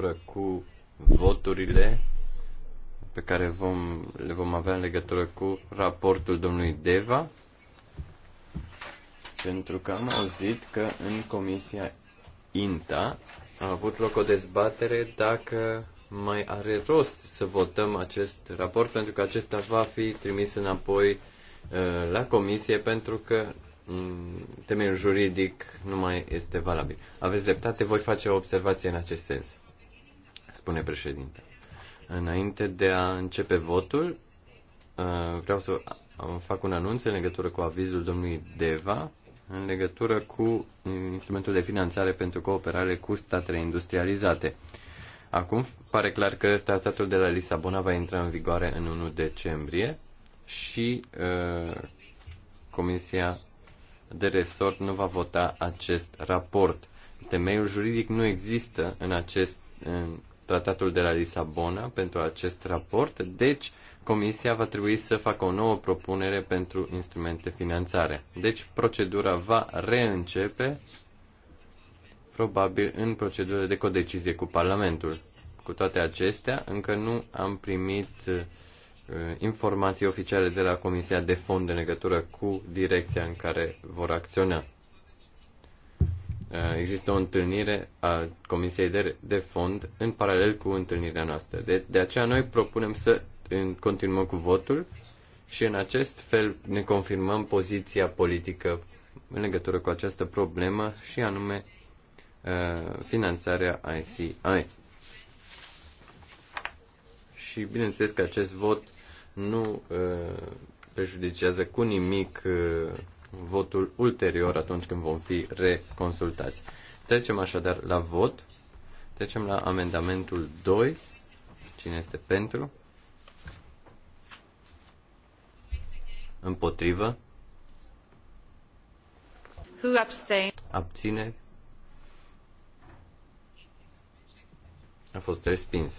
legătură cu voturile pe care vom, le vom avea în legătură cu raportul domnului Deva, pentru că am auzit că în comisia INTA a avut loc o dezbatere dacă mai are rost să votăm acest raport, pentru că acesta va fi trimis înapoi uh, la comisie, pentru că mm, temeiul juridic nu mai este valabil. Aveți dreptate, voi face o observație în acest sens spune președinte. Înainte de a începe votul, uh, vreau să fac un anunț în legătură cu avizul domnului Deva, în legătură cu instrumentul de finanțare pentru cooperare cu statele industrializate. Acum pare clar că tratatul de la Lisabona va intra în vigoare în 1 decembrie și uh, Comisia de Resort nu va vota acest raport. Temeiul juridic nu există în acest, în, tratatul de la Lisabona pentru acest raport, deci Comisia va trebui să facă o nouă propunere pentru instrumente finanțare. Deci procedura va reîncepe probabil în procedură de codecizie cu Parlamentul. Cu toate acestea, încă nu am primit uh, informații oficiale de la Comisia de Fond în legătură cu direcția în care vor acționa. Uh, există o întâlnire a Comisiei de, de Fond în paralel cu întâlnirea noastră. De, de aceea noi propunem să în continuăm cu votul și în acest fel ne confirmăm poziția politică în legătură cu această problemă și anume uh, finanțarea ICI. Și bineînțeles că acest vot nu uh, prejudicează cu nimic votul ulterior atunci când vom fi reconsultați. Trecem așadar la vot. Trecem la amendamentul 2. Cine este pentru? Împotrivă? Who abstain? Abține? A fost respins.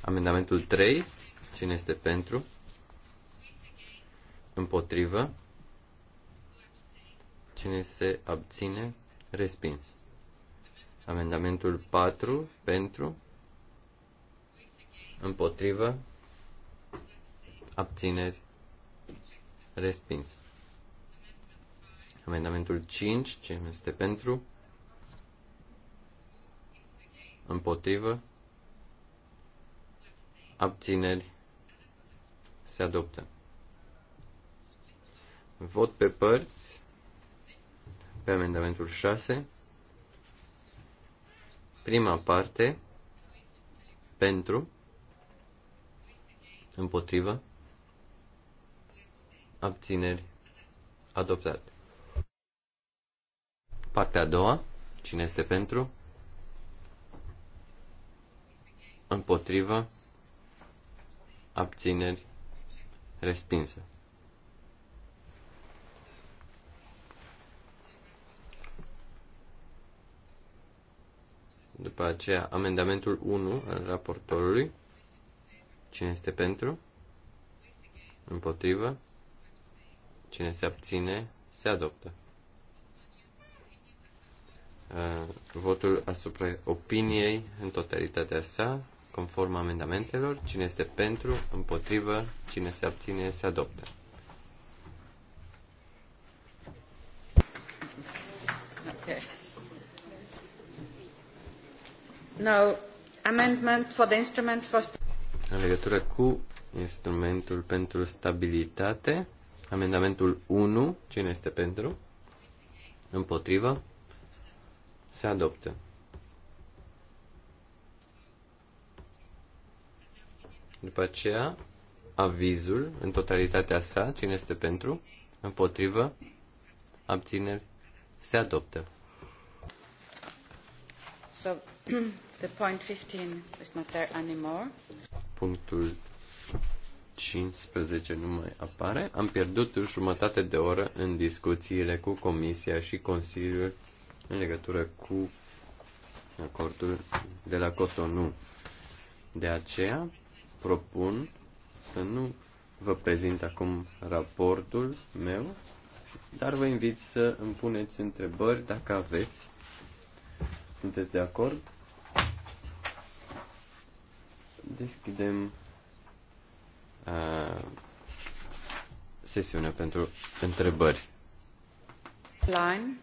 Amendamentul 3. Cine este pentru? Împotrivă? Cine se abține? Respins. Amendamentul 4 pentru. Împotrivă. Abțineri. Respins. Amendamentul 5. Cine este pentru? Împotrivă. Abțineri. Se adoptă. Vot pe părți pe amendamentul 6. Prima parte pentru împotrivă abțineri adoptat. Partea a doua, cine este pentru? Împotrivă abțineri respinsă. După aceea, amendamentul 1 al raportorului. Cine este pentru? Împotrivă? Cine se abține? Se adoptă. Votul asupra opiniei în totalitatea sa, conform amendamentelor. Cine este pentru? Împotrivă? Cine se abține? Se adoptă. No, amendment for the instrument for... În legătură cu instrumentul pentru stabilitate, amendamentul 1, cine este pentru? Împotrivă? Se adoptă. După aceea, avizul în totalitatea sa, cine este pentru, împotrivă, abțineri, se adoptă. So, The point 15 is not there anymore. Punctul 15 nu mai apare. Am pierdut jumătate de oră în discuțiile cu Comisia și Consiliul în legătură cu acordul de la Cotonou. De aceea propun să nu vă prezint acum raportul meu, dar vă invit să îmi puneți întrebări dacă aveți. Sunteți de acord? deschidem uh, sesiunea pentru întrebări. Line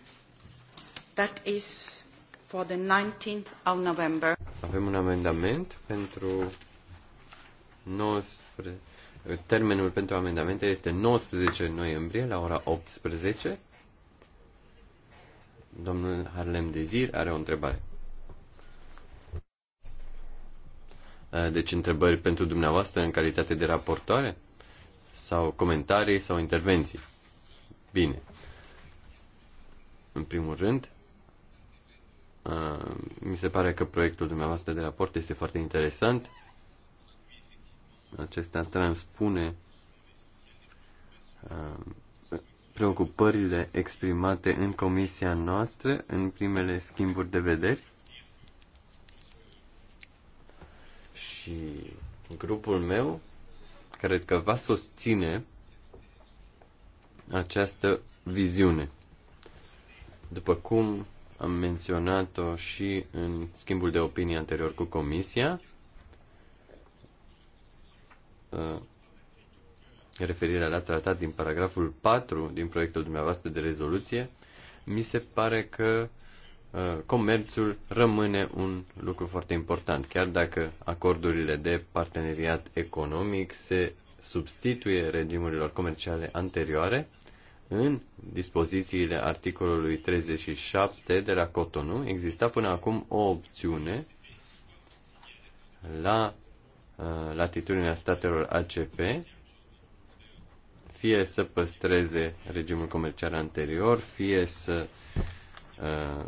that is for the 19th of November. Avem un amendament pentru 19 termenul pentru amendamente este 19 noiembrie la ora 18. Domnul Harlem Dezir are o întrebare. Eh, deci întrebări pentru dumneavoastră în calitate de raportoare? Sau comentarii sau intervenții? Bine. În primul rând, eh, mi se pare că proiectul dumneavoastră de raport este foarte interesant. Acesta transpune eh, preocupările exprimate în comisia noastră în primele schimburi de vederi și grupul meu cred că va susține această viziune. După cum am menționat-o și în schimbul de opinie anterior cu Comisia, uh, referirea la tratat din paragraful 4 din proiectul dumneavoastră de rezoluție, mi se pare că Uh, comerțul rămâne un lucru foarte important, chiar dacă acordurile de parteneriat economic se substituie regimurilor comerciale anterioare, în dispozițiile articolului 37 de la Cotonou exista până acum o opțiune la uh, latitudinea statelor ACP fie să păstreze regimul comercial anterior, fie să uh,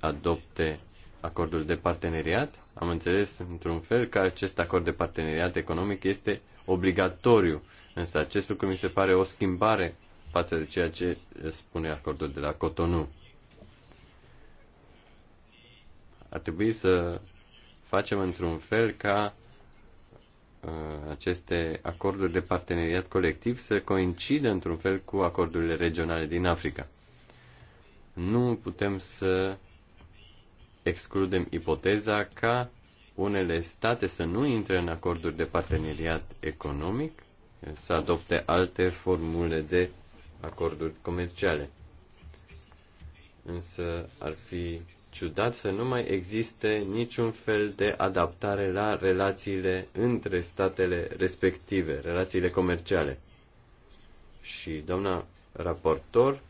adopte acordul de parteneriat. Am înțeles într-un fel că acest acord de parteneriat economic este obligatoriu, însă acest lucru mi se pare o schimbare față de ceea ce spune acordul de la Cotonou. Ar trebui să facem într-un fel ca uh, aceste acorduri de parteneriat colectiv să coincidă într-un fel cu acordurile regionale din Africa. Nu putem să excludem ipoteza ca unele state să nu intre în acorduri de parteneriat economic, să adopte alte formule de acorduri comerciale. Însă ar fi ciudat să nu mai existe niciun fel de adaptare la relațiile între statele respective, relațiile comerciale. Și doamna raportor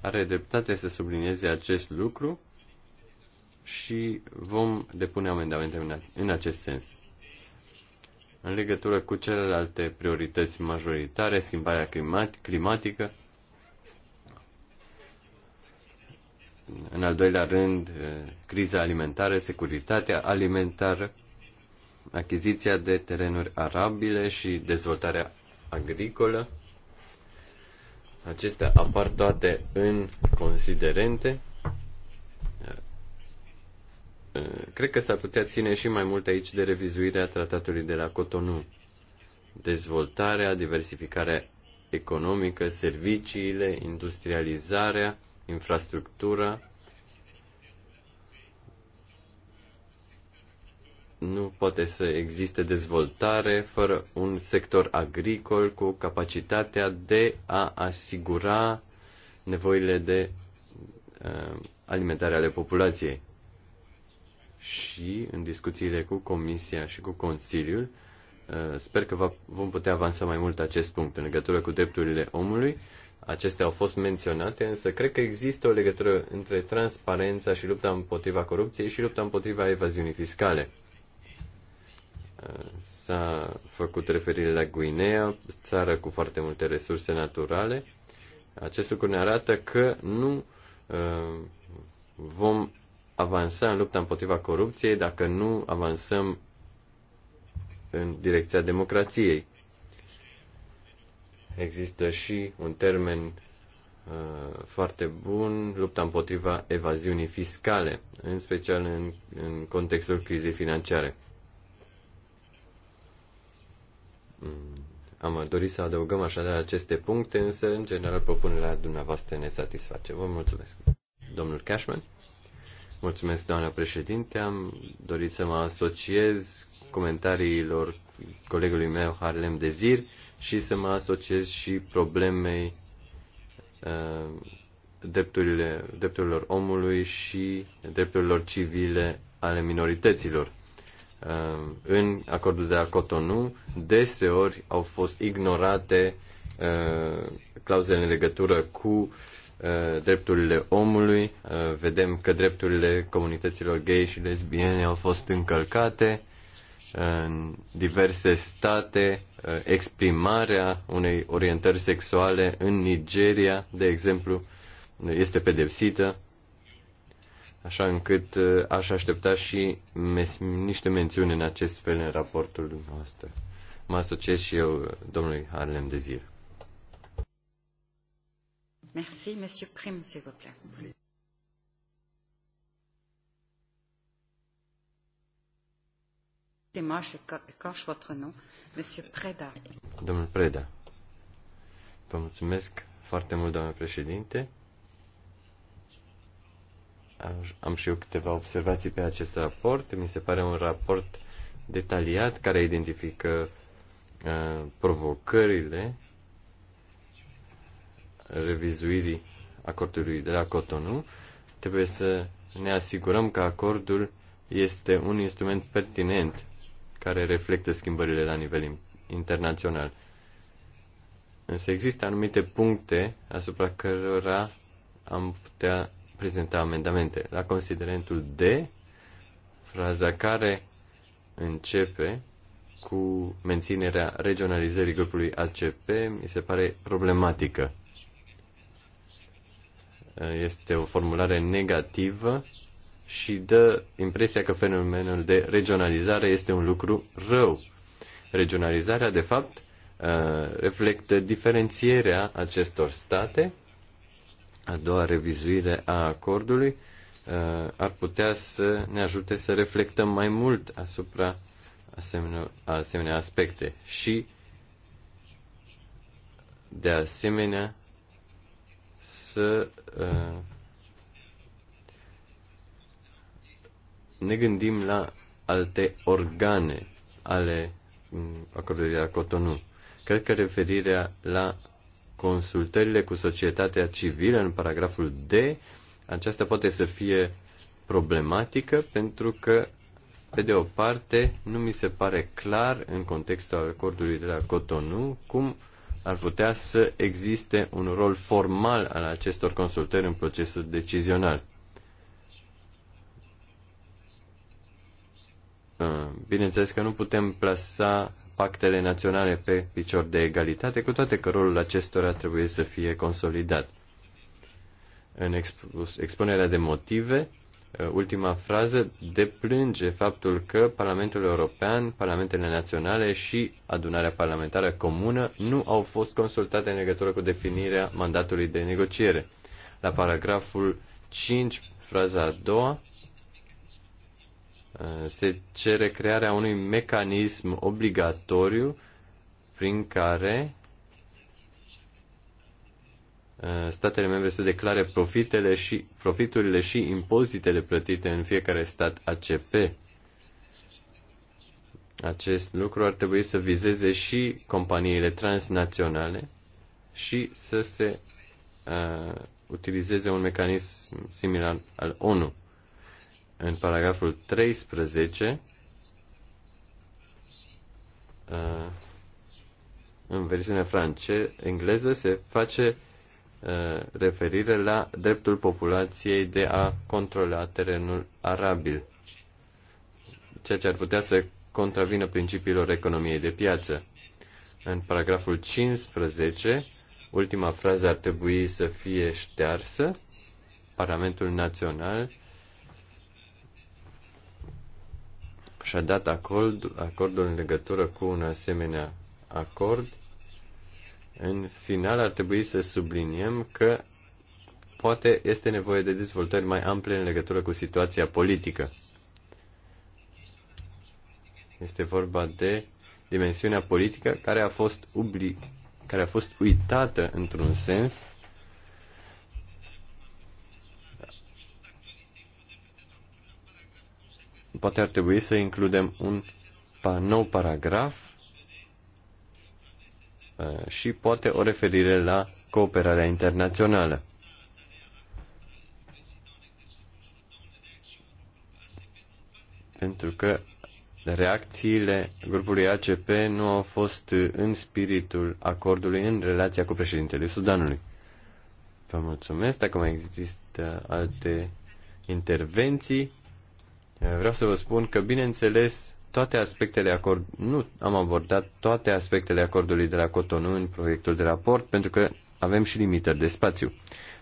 are dreptate să sublinieze acest lucru și vom depune amendamente în acest sens. În legătură cu celelalte priorități majoritare, schimbarea climat climatică, în al doilea rând, eh, criza alimentară, securitatea alimentară, achiziția de terenuri arabile și dezvoltarea agricolă. Acestea apar toate în considerente Eh, cred că s-ar putea ține și mai mult aici de revizuirea tratatului de la Cotonou. Dezvoltarea, diversificarea economică, serviciile, industrializarea, infrastructura. Nu poate să existe dezvoltare fără un sector agricol cu capacitatea de a asigura nevoile de uh, alimentare ale populației și în discuțiile cu Comisia și cu Consiliul. Uh, sper că va, vom putea avansa mai mult acest punct în legătură cu drepturile omului. Acestea au fost menționate, însă cred că există o legătură între transparența și lupta împotriva corupției și lupta împotriva evaziunii fiscale. Uh, s-a făcut referire la Guinea, țară cu foarte multe resurse naturale. Acest lucru ne arată că nu uh, vom avansa în lupta împotriva corupției dacă nu avansăm în direcția democrației. Există și un termen uh, foarte bun, lupta împotriva evaziunii fiscale, în special în, în contextul crizei financiare. Mm, am dorit să adăugăm așadar aceste puncte, însă, în general, propunerea dumneavoastră ne satisface. Vă mulțumesc. Domnul Cashman? Mulțumesc, doamna președinte. Am dorit să mă asociez comentariilor colegului meu, Harlem Dezir, și să mă asociez și problemei uh, drepturile, drepturilor omului și drepturilor civile ale minorităților. Uh, în acordul de la Cotonou, deseori au fost ignorate uh, clauzele în legătură cu uh, Uh, drepturile omului, uh, vedem că drepturile comunităților gay și lesbiene au fost încălcate în diverse state, uh, exprimarea unei orientări sexuale în Nigeria, de exemplu, este pedepsită, așa încât aș aștepta și niște mențiuni în acest fel în raportul nostru. Mă asociez și eu domnului Harlem Dezir. Merci, Monsieur s'il vous plaît. moi je votre nom. Monsieur Preda. Domnul Preda. Vă mulțumesc foarte mult, domnule președinte. Am și eu câteva observații pe acest raport. Mi se pare un raport detaliat care identifică uh, provocările revizuirii acordului de la Cotonou, trebuie să ne asigurăm că acordul este un instrument pertinent care reflectă schimbările la nivel internațional. Însă există anumite puncte asupra cărora am putea prezenta amendamente. La considerentul D, fraza care începe cu menținerea regionalizării grupului ACP mi se pare problematică. Este o formulare negativă și dă impresia că fenomenul de regionalizare este un lucru rău. Regionalizarea, de fapt, uh, reflectă diferențierea acestor state. A doua revizuire a acordului uh, ar putea să ne ajute să reflectăm mai mult asupra asemenea, asemenea aspecte și, de asemenea, să uh, ne gândim la alte organe ale mm, acordului de la Cotonou. Cred că referirea la consultările cu societatea civilă în paragraful D, aceasta poate să fie problematică pentru că, pe de o parte, nu mi se pare clar în contextul acordului de la Cotonou cum ar putea să existe un rol formal al acestor consultări în procesul decizional. Uh, bineînțeles că nu putem plasa pactele naționale pe picior de egalitate, cu toate că rolul acestora trebuie să fie consolidat. În expunerea de motive, Uh, ultima frază deplânge faptul că Parlamentul European, Parlamentele Naționale și adunarea parlamentară comună nu au fost consultate în legătură cu definirea mandatului de negociere. La paragraful 5, fraza a doua, uh, se cere crearea unui mecanism obligatoriu prin care Eh, statele membre să declare profitele și, profiturile și impozitele plătite în fiecare stat ACP. Acest lucru ar trebui să vizeze și companiile transnaționale și să se uh, utilizeze un mecanism similar al ONU. În paragraful 13, uh, eh, în versiunea france engleză, se face uh, Uh, referire la dreptul populației de a controla terenul arabil, ceea ce ar putea să contravină principiilor economiei de piață. În paragraful 15, ultima frază ar trebui să fie ștearsă. Parlamentul Național și-a dat acord, acordul în legătură cu un asemenea acord în final ar trebui să subliniem că poate este nevoie de dezvoltări mai ample în legătură cu situația politică. Este vorba de dimensiunea politică care a fost, ubli, care a fost uitată într-un sens poate ar trebui să includem un nou paragraf Eh, și poate o referire la cooperarea internațională. Pentru că reacțiile grupului ACP nu au fost în spiritul acordului în relația cu președintele Sudanului. Vă mulțumesc. Dacă mai există alte intervenții, eh, vreau să vă spun că, bineînțeles, toate aspectele acord, nu am abordat toate aspectele acordului de la Cotonou în proiectul de raport, pentru că avem și limitări de spațiu.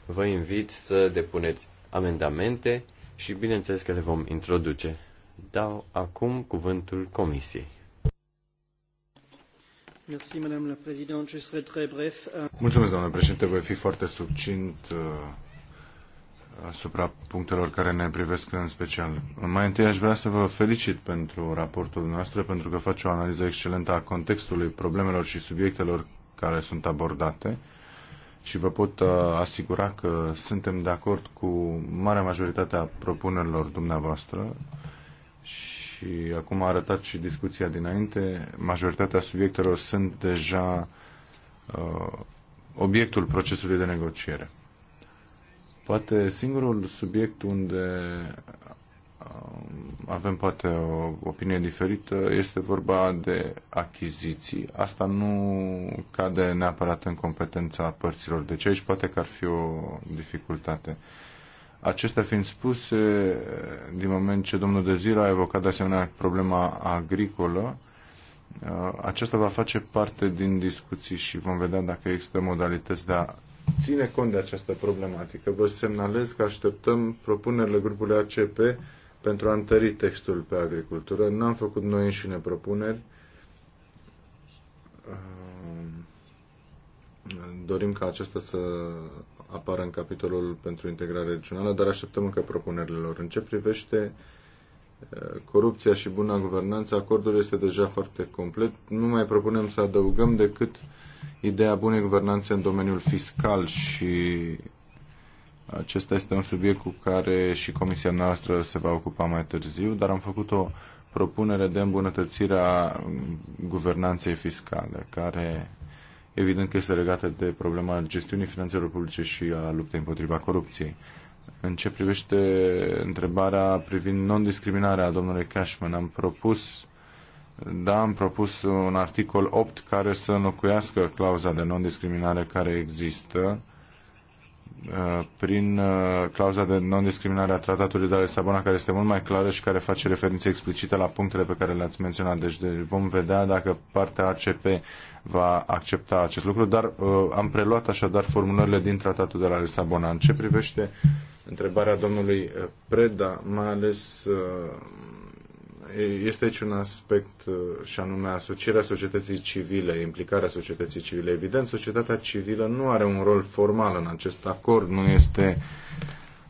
Vă invit să depuneți amendamente și bineînțeles că le vom introduce. Dau acum cuvântul Comisiei. Mulțumesc, doamnă președinte. Voi fi foarte subcint. Uh, asupra punctelor care ne privesc în special. Mai întâi aș vrea să vă felicit pentru raportul nostru, pentru că face o analiză excelentă a contextului problemelor și subiectelor care sunt abordate și vă pot uh, asigura că suntem de acord cu marea majoritate a propunerilor dumneavoastră și acum a arătat și discuția dinainte, majoritatea subiectelor sunt deja uh, obiectul procesului de negociere. Poate singurul subiect unde um, avem poate o opinie diferită, este vorba de achiziții. Asta nu cade neapărat în competența părților, deci aici poate că ar fi o dificultate. Acestea fiind spuse, din moment ce domnul Dezir a evocat de asemenea problema agricolă, uh, aceasta va face parte din discuții și vom vedea dacă există modalități de a ține cont de această problematică. Vă semnalez că așteptăm propunerile grupului ACP pentru a întări textul pe agricultură. N-am făcut noi înșine propuneri. Dorim ca acesta să apară în capitolul pentru integrare regională, dar așteptăm încă propunerile lor. În ce privește uh, corupția și buna guvernanță, acordul este deja foarte complet. Nu mai propunem să adăugăm decât ideea bunei guvernanțe în domeniul fiscal și acesta este un subiect cu care și comisia noastră se va ocupa mai târziu, dar am făcut o propunere de îmbunătățire a guvernanței fiscale, care evident că este legată de problema gestiunii finanțelor publice și a luptei împotriva corupției în ce privește întrebarea privind non-discriminarea, domnului Cashman, am propus da, am propus un articol 8 care să înlocuiască clauza de non-discriminare care există Uh, prin uh, clauza de non-discriminare a tratatului de la Lisabona, care este mult mai clară și care face referințe explicită la punctele pe care le-ați menționat. Deci vom vedea dacă partea ACP va accepta acest lucru, dar uh, am preluat așadar formulările din tratatul de la Lisabona. În ce privește întrebarea domnului uh, Preda, mai ales uh, este aici un aspect uh, și anume asocierea societății civile, implicarea societății civile. Evident, societatea civilă nu are un rol formal în acest acord, nu este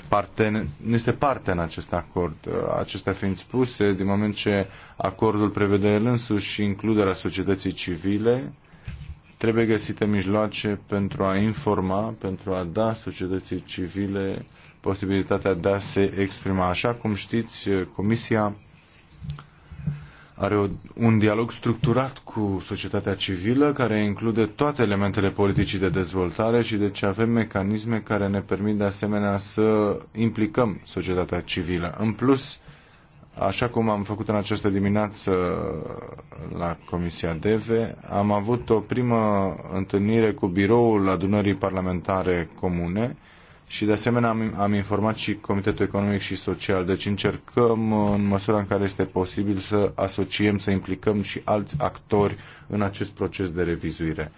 parte, nu este parte în acest acord. Uh, acestea fiind spuse, din moment ce acordul prevede el însuși și includerea societății civile, trebuie găsite mijloace pentru a informa, pentru a da societății civile posibilitatea de a se exprima. Așa cum știți, uh, Comisia are o, un dialog structurat cu societatea civilă care include toate elementele politicii de dezvoltare și deci avem mecanisme care ne permit de asemenea să implicăm societatea civilă. În plus, așa cum am făcut în această dimineață la Comisia DEVE, am avut o primă întâlnire cu biroul adunării parlamentare comune și de asemenea am, am informat și Comitetul Economic și Social. Deci încercăm, în măsura în care este posibil, să asociem, să implicăm și alți actori în acest proces de revizuire.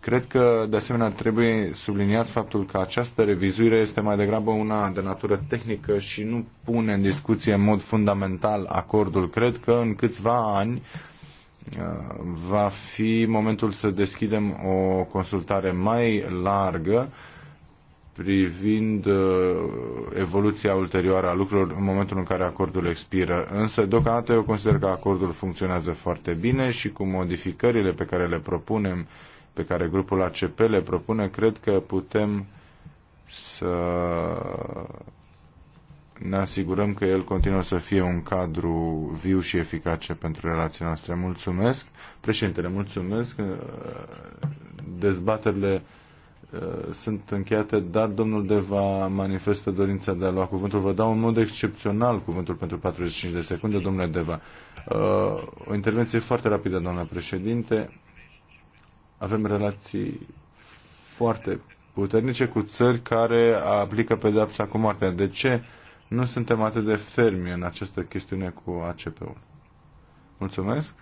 Cred că, de asemenea, trebuie subliniat faptul că această revizuire este mai degrabă una de natură tehnică și nu pune în discuție în mod fundamental acordul. Cred că în câțiva ani uh, va fi momentul să deschidem o consultare mai largă privind uh, evoluția ulterioară a lucrurilor în momentul în care acordul expiră. Însă, deocamdată, eu consider că acordul funcționează foarte bine și cu modificările pe care le propunem, pe care grupul ACP le propune, cred că putem să ne asigurăm că el continuă să fie un cadru viu și eficace pentru relația noastră. Mulțumesc. Președintele, mulțumesc. Dezbaterile Uh, sunt încheiate, dar domnul Deva manifestă dorința de a lua cuvântul. Vă dau în mod excepțional cuvântul pentru 45 de secunde, domnule Deva. Uh, o intervenție foarte rapidă, doamna președinte. Avem relații foarte puternice cu țări care aplică pedepsa cu moartea. De ce nu suntem atât de fermi în această chestiune cu ACP-ul? Mulțumesc.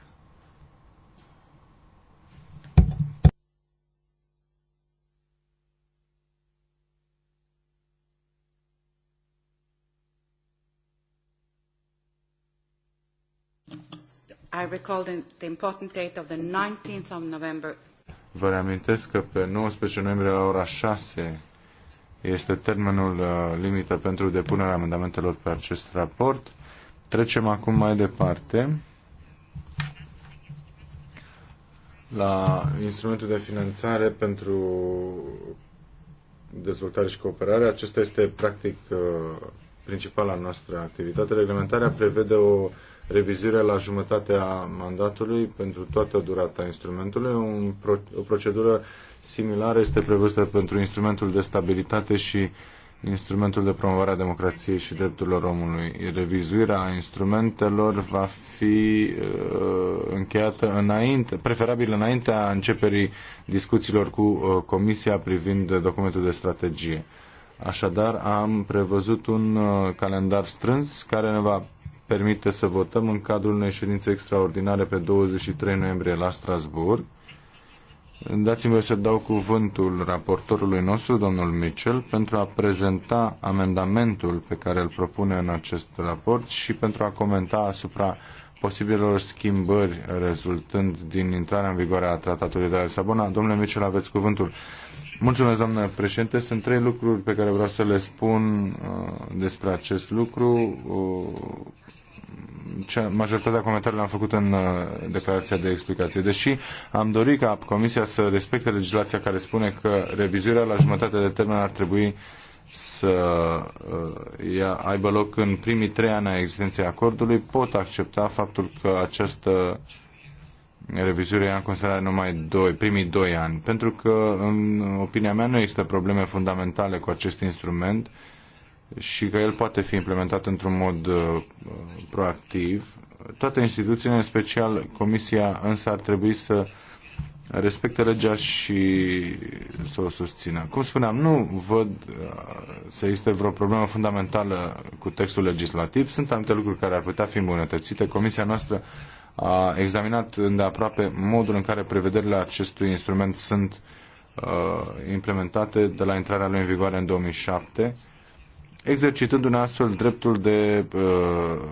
I recall the important date of the 19th of November. Vă reamintesc că pe 19 noiembrie la ora 6 este termenul uh, limită pentru depunerea amendamentelor pe acest raport. Trecem acum mai departe la instrumentul de finanțare pentru dezvoltare și cooperare. Acesta este practic uh, principala noastră activitate. Reglementarea prevede o revizuirea la jumătatea mandatului pentru toată durata instrumentului. Un pro, o procedură similară este prevăzută pentru instrumentul de stabilitate și instrumentul de promovare a democrației și drepturilor omului. Revizuirea instrumentelor va fi uh, încheiată înainte, preferabil înaintea începerii discuțiilor cu uh, Comisia privind documentul de strategie. Așadar, am prevăzut un uh, calendar strâns care ne va permite să votăm în cadrul unei ședințe extraordinare pe 23 noiembrie la Strasbourg. Dați-mi să dau cuvântul raportorului nostru, domnul Mitchell, pentru a prezenta amendamentul pe care îl propune în acest raport și pentru a comenta asupra posibilor schimbări rezultând din intrarea în vigoare a Tratatului de la Lisabona. Domnule Mitchell, aveți cuvântul. Mulțumesc, doamnă președinte. Sunt trei lucruri pe care vreau să le spun uh, despre acest lucru. Uh, majoritatea comentariilor le-am făcut în uh, declarația de explicație. Deși am dorit ca Comisia să respecte legislația care spune că revizuirea la jumătate de termen ar trebui să uh, ia, aibă loc în primii trei ani a existenței acordului, pot accepta faptul că această uh, revizuirea în considerare numai doi, primii doi ani, pentru că, în opinia mea, nu există probleme fundamentale cu acest instrument și că el poate fi implementat într-un mod uh, proactiv. Toate instituțiile, în special Comisia, însă ar trebui să respecte legea și să o susțină. Cum spuneam, nu văd uh, să existe vreo problemă fundamentală cu textul legislativ. Sunt anumite lucruri care ar putea fi îmbunătățite. Comisia noastră a examinat îndeaproape modul în care prevederile acestui instrument sunt uh, implementate de la intrarea lui în vigoare în 2007, exercitând un astfel dreptul de uh,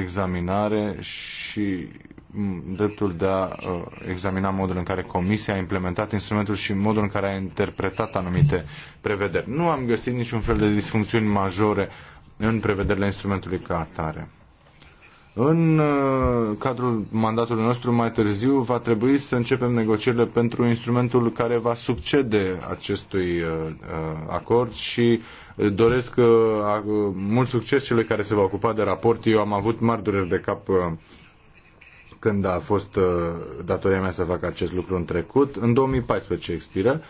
examinare și mm, dreptul de a uh, examina modul în care Comisia a implementat instrumentul și modul în care a interpretat anumite prevederi. Nu am găsit niciun fel de disfuncțiuni majore în prevederile instrumentului ca atare. În uh, cadrul mandatului nostru mai târziu va trebui să începem negocierile pentru instrumentul care va succede acestui uh, uh, acord și doresc mult succes celui care se va ocupa de raport. Eu am avut mari dureri de cap când a fost datoria mea să fac acest lucru în trecut. În 2014 expiră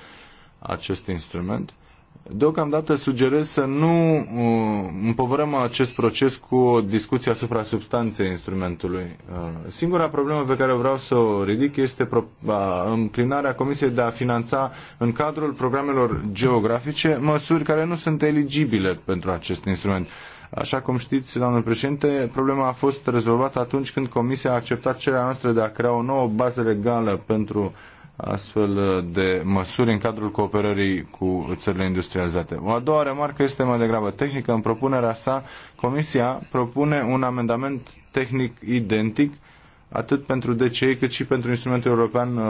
acest instrument Deocamdată sugerez să nu uh, împovărăm acest proces cu o discuție asupra substanței instrumentului. Uh, singura problemă pe care vreau să o ridic este pro- uh, înclinarea Comisiei de a finanța în cadrul programelor geografice măsuri care nu sunt eligibile pentru acest instrument. Așa cum știți, doamnă președinte, problema a fost rezolvată atunci când Comisia a acceptat cererea noastră de a crea o nouă bază legală pentru uh, astfel de măsuri în cadrul cooperării cu țările industrializate. O a doua remarcă este mai degrabă tehnică. În propunerea sa, Comisia propune un amendament tehnic identic atât pentru DCI cât și pentru instrumentul european uh,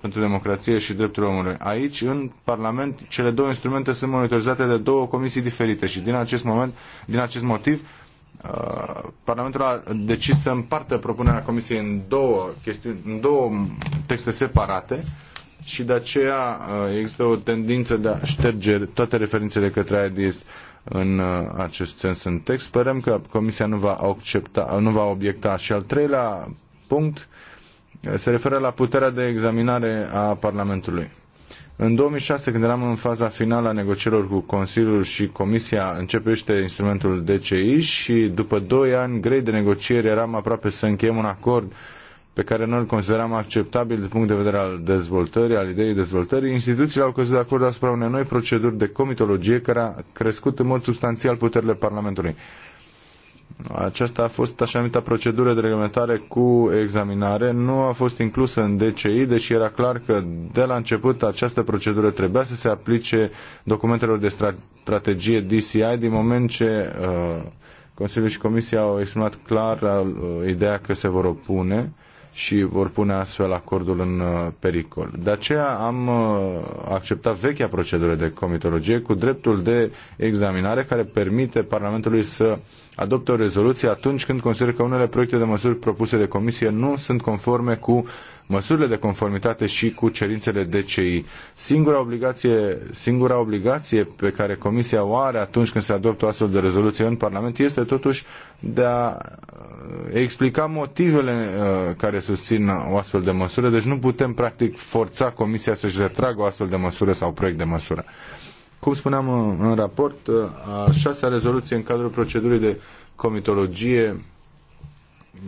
pentru democrație și drepturile omului. Aici, în Parlament, cele două instrumente sunt monitorizate de două comisii diferite și din acest moment, din acest motiv, uh, Parlamentul a decis să împartă propunerea Comisiei în două, chestiuni, în două texte separate și de aceea uh, există o tendință de a șterge toate referințele către IDS în uh, acest sens în text. Sperăm că Comisia nu va, accepta, uh, nu va obiecta. Și al treilea punct se referă la puterea de examinare a Parlamentului. În 2006, când eram în faza finală a negocierilor cu Consiliul și Comisia începește instrumentul DCI și după 2 ani grei de negocieri eram aproape să încheiem un acord pe care noi îl consideram acceptabil din punct de vedere al dezvoltării, al ideii dezvoltării, instituțiile au căzut de acord asupra unei noi proceduri de comitologie care a crescut în mod substanțial puterile Parlamentului. Aceasta a fost așa numită procedură de reglementare cu examinare, nu a fost inclusă în DCI, deși era clar că de la început această procedură trebuia să se aplice documentelor de strategie DCI din moment ce uh, Consiliul și Comisia au exprimat clar uh, ideea că se vor opune și vor pune astfel acordul în uh, pericol. De aceea am uh, acceptat vechea procedură de comitologie cu dreptul de examinare care permite Parlamentului să uh, adoptă o rezoluție atunci când consideră că unele proiecte de măsuri propuse de Comisie nu sunt conforme cu măsurile de conformitate și cu cerințele DCI. Singura obligație, singura obligație pe care Comisia o are atunci când se adoptă o astfel de rezoluție în Parlament este totuși de a uh, explica motivele uh, care susțin o astfel de măsură, deci nu putem practic forța Comisia să-și retragă o astfel de măsură sau proiect de măsură. Cum spuneam uh, în raport, uh, a șasea rezoluție în cadrul procedurii de comitologie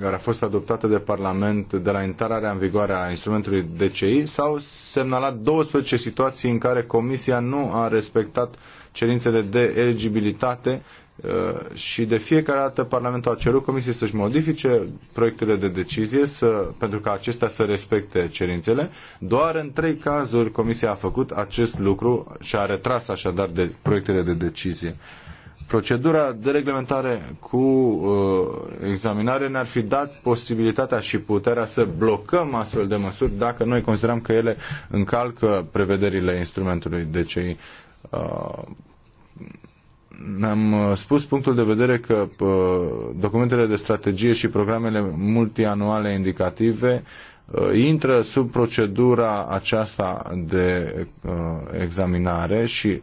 care a fost adoptată de Parlament de la intrarea în vigoare a instrumentului DCI, s-au semnalat 12 situații în care Comisia nu a respectat cerințele de eligibilitate Uh, și de fiecare dată Parlamentul a cerut Comisiei să-și modifice proiectele de decizie să, pentru ca acestea să respecte cerințele. Doar în trei cazuri Comisia a făcut acest lucru și a retras așadar de proiectele de decizie. Procedura de reglementare cu uh, examinare ne-ar fi dat posibilitatea și puterea să blocăm astfel de măsuri dacă noi considerăm că ele încalcă prevederile instrumentului cei Uh, am uh, spus punctul de vedere că uh, documentele de strategie și programele multianuale indicative uh, intră sub procedura aceasta de examinare și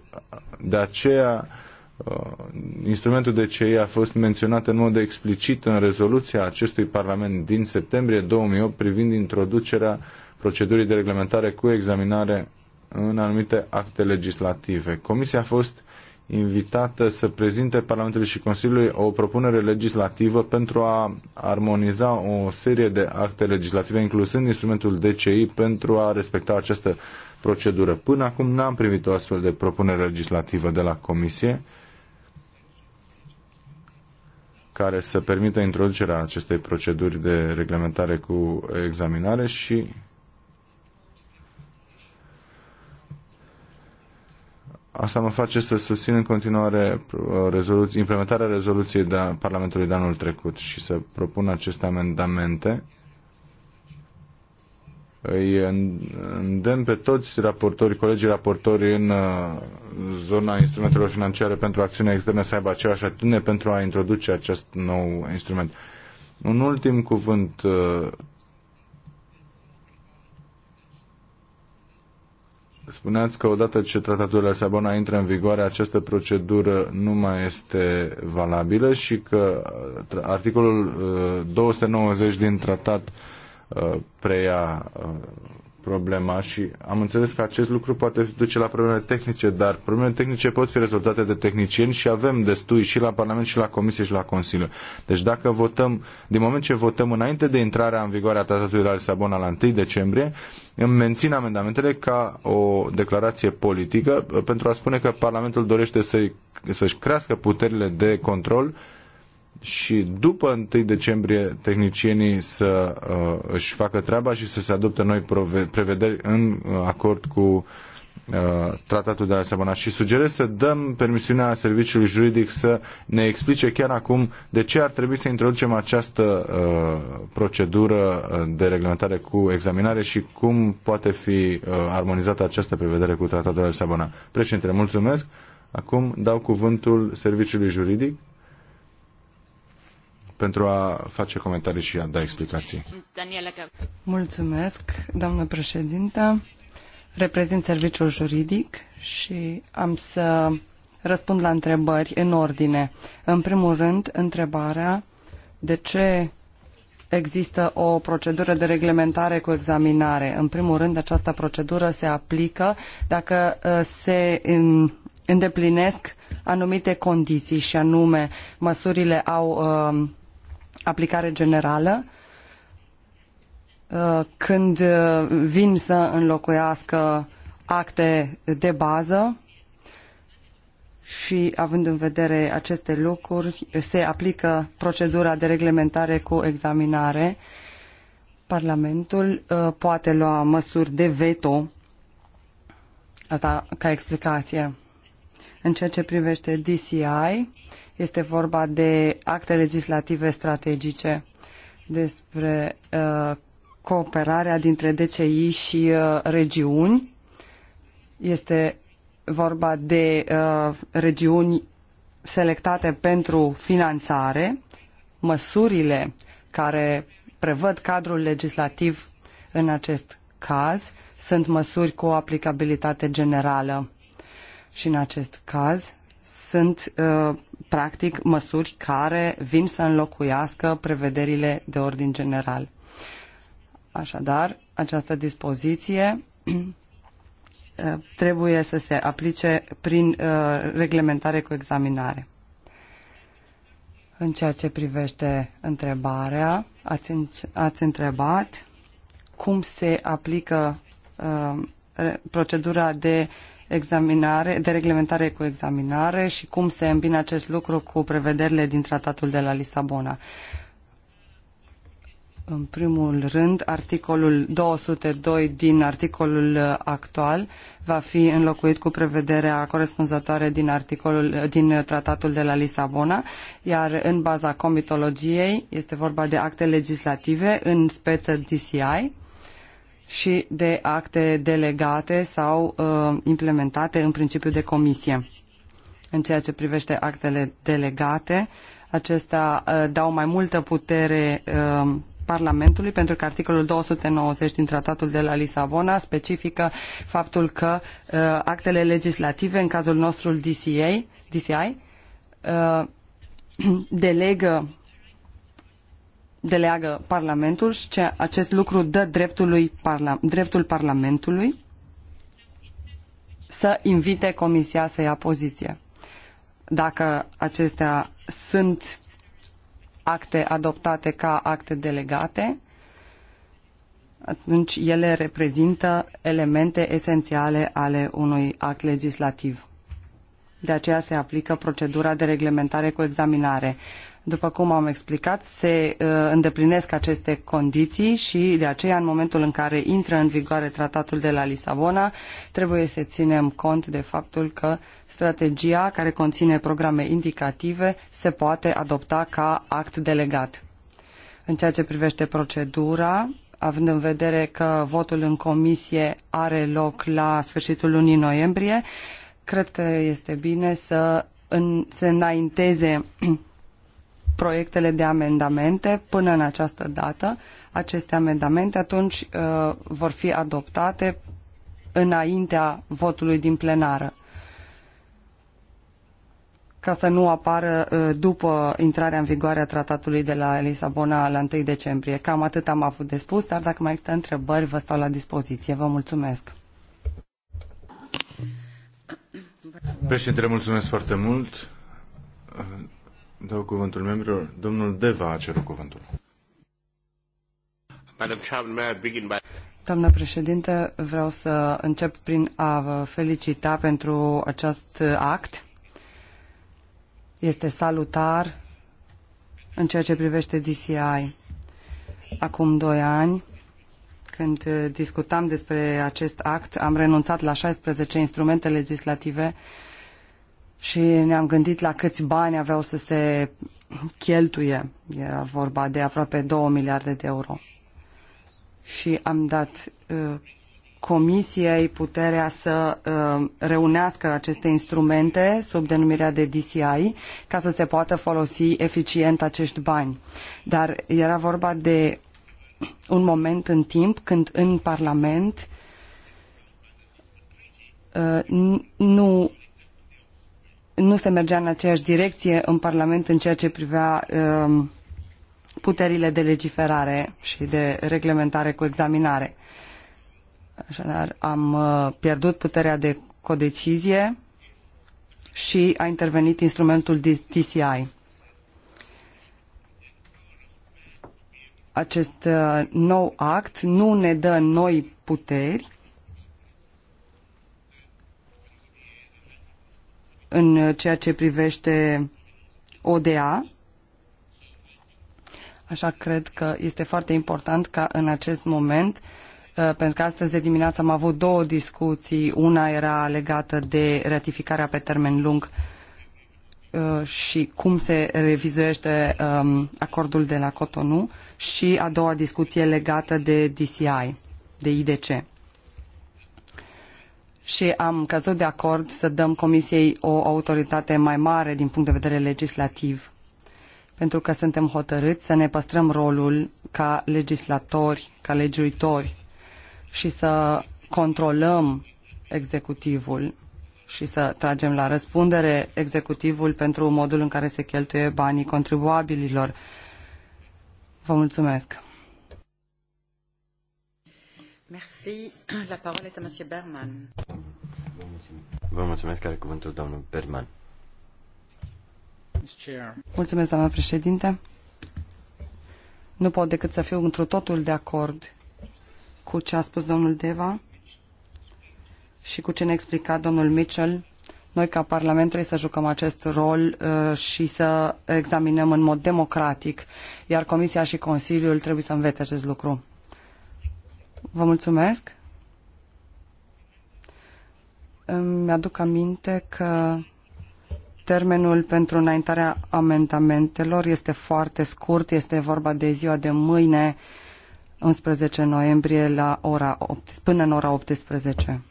de aceea instrumentul de CEI a fost menționat în mod explicit în rezoluția acestui Parlament din septembrie 2008 privind introducerea procedurii de reglementare cu examinare în anumite acte legislative. Comisia a fost uh, invitată să prezinte Parlamentului și Consiliului o propunere legislativă pentru a armoniza o serie de acte legislative, inclusând instrumentul DCI, pentru a respecta această procedură. Până acum n-am primit o astfel de propunere legislativă de la Comisie care să permită introducerea acestei proceduri de reglementare cu examinare și Asta mă face să susțin în continuare uh, rezoluție, implementarea rezoluției de Parlamentului de anul trecut și să propun aceste amendamente. Îi îndemn pe toți raportorii, colegii raportori în uh, zona instrumentelor financiare pentru acțiune externe să aibă aceeași atitudine pentru a introduce acest nou instrument. Un ultim cuvânt uh, Spuneați că odată ce tratatul de la Sabona intră în vigoare, această procedură nu mai este valabilă și că uh, articolul 290 uh, din tratat uh, preia problema și am înțeles că acest lucru poate duce la probleme tehnice, dar problemele tehnice pot fi rezolvate de tehnicieni și avem destui și la Parlament și la Comisie și la Consiliu. Deci dacă votăm, din moment ce votăm înainte de intrarea în vigoare a tratatului la Lisabona la 1 decembrie, îmi mențin amendamentele ca o declarație politică uh, pentru a spune că Parlamentul dorește să-și să crească puterile de control și după 1 decembrie tehnicienii să uh, își facă treaba și să se adopte noi prevederi în uh, acord cu uh, tratatul de la Lisabona și sugerez să dăm permisiunea serviciului juridic să ne explice chiar acum de ce ar trebui să introducem această uh, procedură uh, de reglementare cu examinare și cum poate fi uh, armonizată această prevedere cu tratatul de la Lisabona. Președinte, mulțumesc. Acum dau cuvântul serviciului juridic pentru a face comentarii și a da explicații. Mulțumesc, doamnă președintă. Reprezint serviciul juridic și am să răspund la întrebări în ordine. În primul rând, întrebarea de ce există o procedură de reglementare cu examinare. În primul rând, această procedură se aplică dacă uh, se îndeplinesc anumite condiții și anume măsurile au uh, aplicare generală uh, când uh, vin să înlocuiască acte de bază și având în vedere aceste lucruri, se aplică procedura de reglementare cu examinare. Parlamentul uh, poate lua măsuri de veto. Asta ca explicație. În ceea ce privește DCI, este vorba de acte legislative strategice despre uh, cooperarea dintre DCI și uh, regiuni. Este vorba de uh, regiuni selectate pentru finanțare, măsurile care prevăd cadrul legislativ în acest caz sunt măsuri cu o aplicabilitate generală. Și în acest caz sunt uh, practic măsuri care vin să înlocuiască prevederile de ordin general. Așadar, această dispoziție uh, trebuie să se aplice prin uh, reglementare cu examinare. În ceea ce privește întrebarea, ați, ați întrebat cum se aplică uh, procedura de uh, examinare, de reglementare cu examinare și cum se îmbină acest lucru cu prevederile din tratatul de la Lisabona. În primul rând, articolul 202 din articolul actual va fi înlocuit cu prevederea corespunzătoare din, articolul, din tratatul de la Lisabona, iar în baza comitologiei este vorba de acte legislative, în speță DCI, și de acte delegate sau uh, implementate în principiu de comisie. În ceea ce privește actele delegate, acestea uh, dau mai multă putere uh, Parlamentului, pentru că articolul 290 din Tratatul de la Lisabona specifică faptul că uh, actele legislative, în cazul nostru DCA, DCI, uh, delegă deleagă Parlamentul și ce acest lucru dă dreptului parla, dreptul Parlamentului să invite Comisia să ia poziție. Dacă acestea sunt acte adoptate ca acte delegate, atunci ele reprezintă elemente esențiale ale unui act legislativ. De aceea se aplică procedura de reglementare cu examinare. După cum am explicat, se uh, îndeplinesc aceste condiții și de aceea în momentul în care intră în vigoare tratatul de la Lisabona, trebuie să ținem cont de faptul că strategia care conține programe indicative se poate adopta ca act delegat. În ceea ce privește procedura, având în vedere că votul în comisie are loc la sfârșitul lunii noiembrie, cred că este bine să, în, să înainteze proiectele de amendamente până în această dată. Aceste amendamente atunci uh, vor fi adoptate înaintea votului din plenară ca să nu apară uh, după intrarea în vigoare a tratatului de la Lisabona la 1 decembrie. Cam atât am avut de spus, dar dacă mai există întrebări, vă stau la dispoziție. Vă mulțumesc. Președinte, mulțumesc foarte mult. Dau cuvântul membrilor. Domnul Deva a cerut cuvântul. Doamna președinte, vreau să încep prin a vă felicita pentru acest act. Este salutar în ceea ce privește DCI. Acum doi ani, când discutam despre acest act, am renunțat la 16 instrumente legislative și ne-am gândit la câți bani aveau să se cheltuie. Era vorba de aproape 2 miliarde de euro. Și am dat uh, comisiei puterea să uh, reunească aceste instrumente sub denumirea de DCI ca să se poată folosi eficient acești bani. Dar era vorba de un moment în timp când în Parlament uh, nu nu se mergea în aceeași direcție în Parlament în ceea ce privea um, puterile de legiferare și de reglementare cu examinare. Așadar, am uh, pierdut puterea de codecizie și a intervenit instrumentul de TCI. Acest uh, nou act nu ne dă noi puteri, în ceea ce privește ODA. Așa cred că este foarte important ca în acest moment, uh, pentru că astăzi de dimineață am avut două discuții, una era legată de ratificarea pe termen lung uh, și cum se revizuiește um, acordul de la Cotonou și a doua discuție legată de DCI, de IDC și am căzut de acord să dăm Comisiei o autoritate mai mare din punct de vedere legislativ, pentru că suntem hotărâți să ne păstrăm rolul ca legislatori, ca legiuitori și să controlăm executivul și să tragem la răspundere executivul pentru modul în care se cheltuie banii contribuabililor. Vă mulțumesc! Merci. La parole est à Monsieur Berman. Vă mulțumesc, care cuvântul domnul Berman. Mulțumesc, doamna președinte. Nu pot decât să fiu întru totul de acord cu ce a spus domnul Deva și cu ce ne-a explicat domnul Mitchell. Noi, ca Parlament, trebuie să jucăm acest rol uh, și să examinăm în mod democratic, iar Comisia și Consiliul trebuie să învețe acest lucru. Vă mulțumesc. Îmi aduc aminte că termenul pentru înaintarea amendamentelor este foarte scurt, este vorba de ziua de mâine, 11 noiembrie, la ora 8, până în ora 18.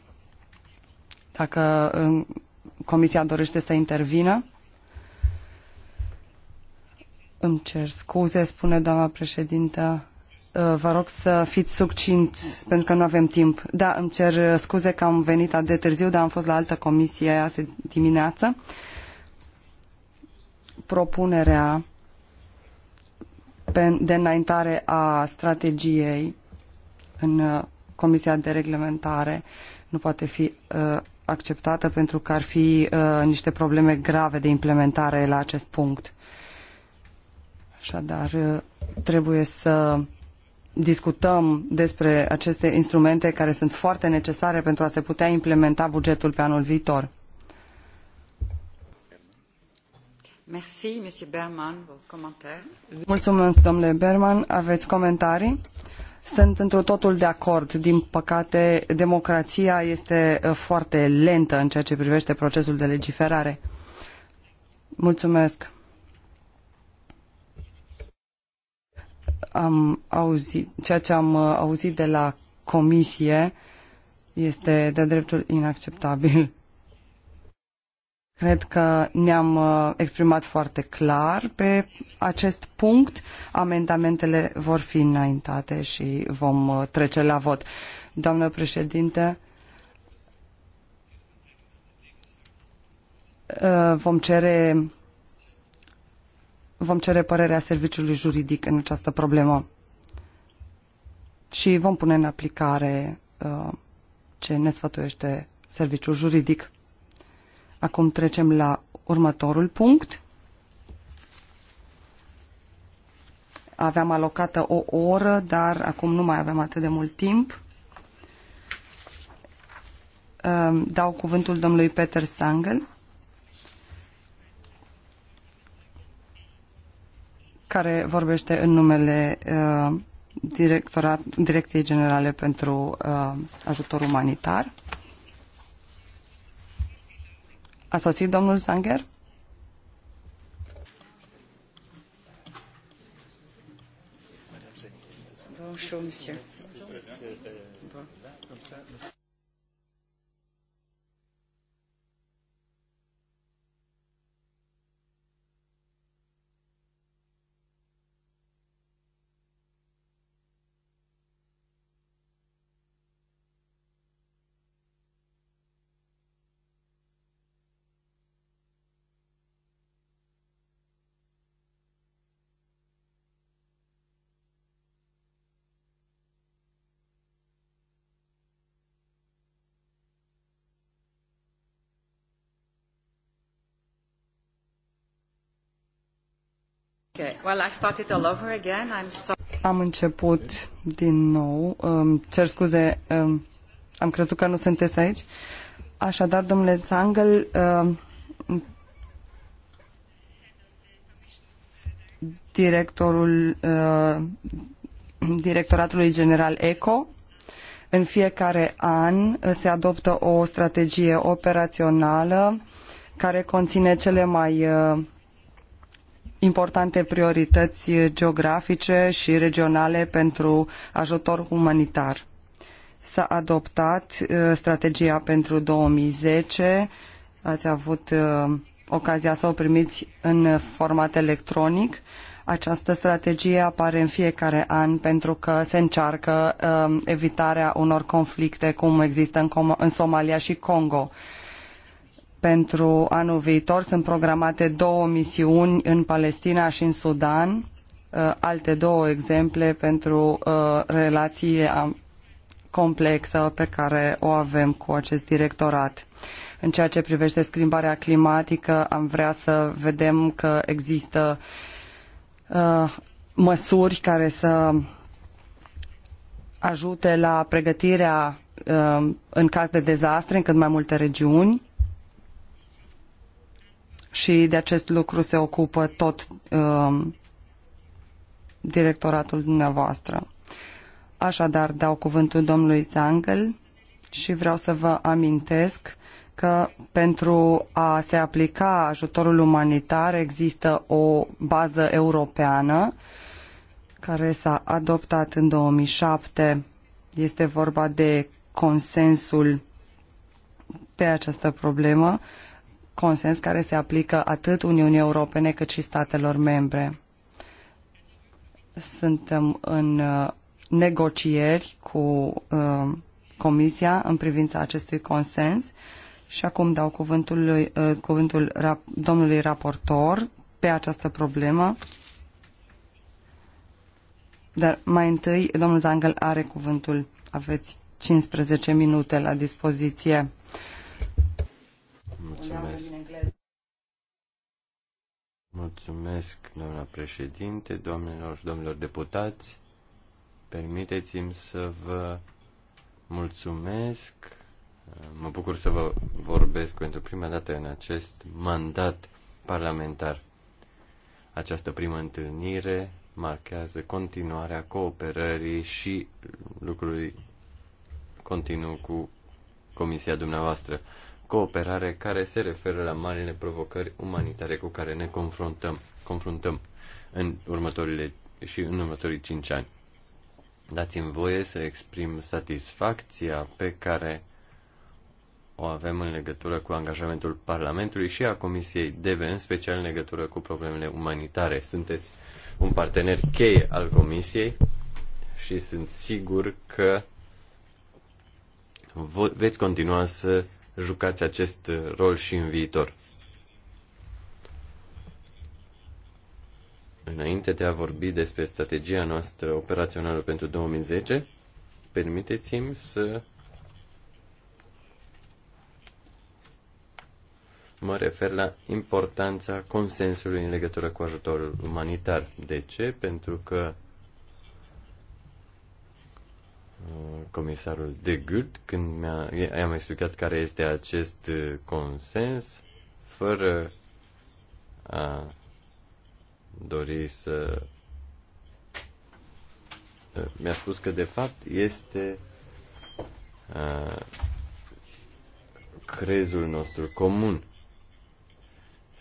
Dacă comisia dorește să intervină, îmi cer scuze, spune doamna președintă. Uh, vă rog să fiți succint pentru că nu avem timp. Da, îmi cer uh, scuze că am venit atât de târziu, dar am fost la altă comisie azi dimineață. Propunerea de înaintare a strategiei în uh, Comisia de Reglementare nu poate fi uh, acceptată pentru că ar fi uh, niște probleme grave de implementare la acest punct. Așadar, uh, trebuie să discutăm despre aceste instrumente care sunt foarte necesare pentru a se putea implementa bugetul pe anul viitor. Merci, Berman, Mulțumesc, domnule Berman. Aveți comentarii? Sunt întru totul de acord. Din păcate, democrația este uh, foarte lentă în ceea ce privește procesul de legiferare. Mulțumesc. am auzit, ceea ce am uh, auzit de la comisie este de dreptul inacceptabil. Cred că ne-am uh, exprimat foarte clar pe acest punct. Amendamentele vor fi înaintate și vom uh, trece la vot. Doamnă președinte, vom cere vom cere părerea serviciului juridic în această problemă și vom pune în aplicare uh, ce ne sfătuiește serviciul juridic. Acum trecem la următorul punct. Aveam alocată o oră, dar acum nu mai avem atât de mult timp. Uh, dau cuvântul domnului Peter Sangel care vorbește în numele uh, directorat, Direcției Generale pentru uh, Ajutor Umanitar. A sosit domnul Sanger? Bonjour, monsieur. Okay. Well, I started all over again. I'm so... Am început din nou. Um, cer scuze, um, am crezut că nu sunteți aici. Așadar, domnule Zangel, um, directorul uh, directoratului general ECO. În fiecare an se adoptă o strategie operațională care conține cele mai uh, importante priorități geografice și regionale pentru ajutor umanitar. S-a adoptat uh, strategia pentru 2010, ați avut uh, ocazia să o primiți în format electronic. Această strategie apare în fiecare an pentru că se încearcă uh, evitarea unor conflicte cum există în, Somalia și Congo pentru anul viitor sunt programate două misiuni în Palestina și în Sudan, uh, alte două exemple pentru uh, relațiile complexă pe care o avem cu acest directorat. În ceea ce privește schimbarea climatică, am vrea să vedem că există uh, măsuri care să ajute la pregătirea uh, în caz de dezastre în cât mai multe regiuni și de acest lucru se ocupă tot uh, directoratul dumneavoastră. Așadar, dau cuvântul domnului Zangel și vreau să vă amintesc că pentru a se aplica ajutorul umanitar există o bază europeană care s-a adoptat în 2007. Este vorba de consensul pe această problemă consens care se aplică atât Uniunii Europene cât și statelor membre. Suntem în uh, negocieri cu uh, Comisia în privința acestui consens și acum dau cuvântul, lui, uh, cuvântul rap domnului raportor pe această problemă. Dar mai întâi, domnul Zangel are cuvântul. Aveți 15 minute la dispoziție. Mulțumesc. Mulțumesc, doamna președinte, doamnelor și domnilor deputați. Permiteți-mi să vă mulțumesc. Mă bucur să vă vorbesc pentru prima dată în acest mandat parlamentar. Această primă întâlnire marchează continuarea cooperării și lucrului continuu cu comisia dumneavoastră cooperare care se referă la marile provocări umanitare cu care ne confruntăm, confruntăm în următorile și în următorii cinci ani. Dați-mi voie să exprim satisfacția pe care o avem în legătură cu angajamentul Parlamentului și a Comisiei DV, în special în legătură cu problemele umanitare. Sunteți un partener cheie al Comisiei și sunt sigur că veți continua să jucați acest uh, rol și în viitor. Înainte de a vorbi despre strategia noastră operațională pentru 2010, permiteți-mi să mă refer la importanța consensului în legătură cu ajutorul umanitar. De ce? Pentru că Uh, comisarul de Gurt când mi-a, i-am explicat care este acest uh, consens fără a dori să uh, mi-a spus că de fapt este a, crezul nostru comun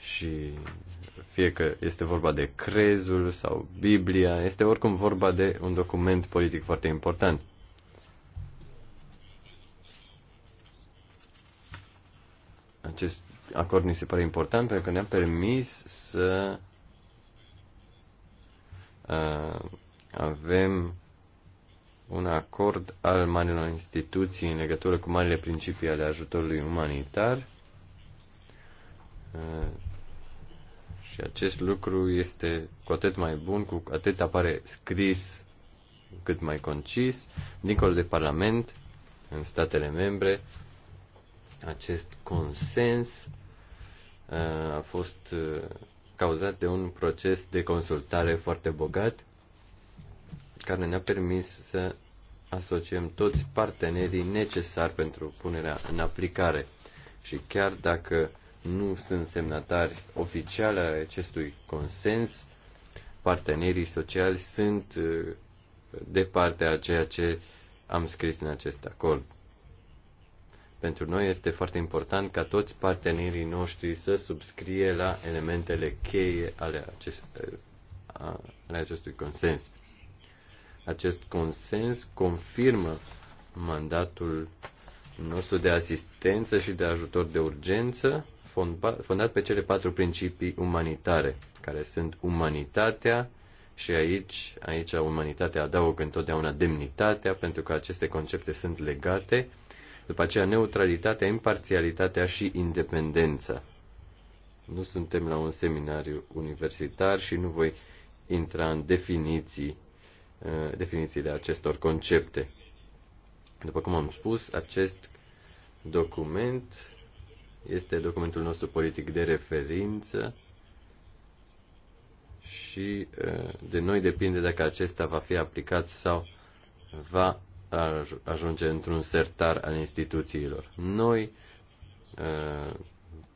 și fie că este vorba de crezul sau Biblia, este oricum vorba de un document politic foarte important. Acest acord ni se pare important pentru că ne-a permis să uh, avem un acord al marilor instituții în legătură cu marile principii ale ajutorului umanitar. Uh, și acest lucru este cu atât mai bun, cu atât apare scris cât mai concis, dincolo de Parlament, în statele membre, acest consens uh, a fost uh, cauzat de un proces de consultare foarte bogat care ne-a permis să asociem toți partenerii necesari pentru punerea în aplicare. Și chiar dacă nu sunt semnatari oficiali ale acestui consens, partenerii sociali sunt uh, de partea a ceea ce am scris în acest acord. Pentru noi este foarte important ca toți partenerii noștri să subscrie la elementele cheie ale, acest, ale acestui consens. Acest consens confirmă mandatul nostru de asistență și de ajutor de urgență fondat pe cele patru principii umanitare, care sunt umanitatea, și aici, aici umanitatea adaugă întotdeauna demnitatea, pentru că aceste concepte sunt legate după aceea neutralitatea, imparțialitatea și independența. Nu suntem la un seminariu universitar și nu voi intra în definiții, uh, definițiile acestor concepte. După cum am spus, acest document este documentul nostru politic de referință și uh, de noi depinde dacă acesta va fi aplicat sau va ajunge într-un sertar al instituțiilor. Noi eh,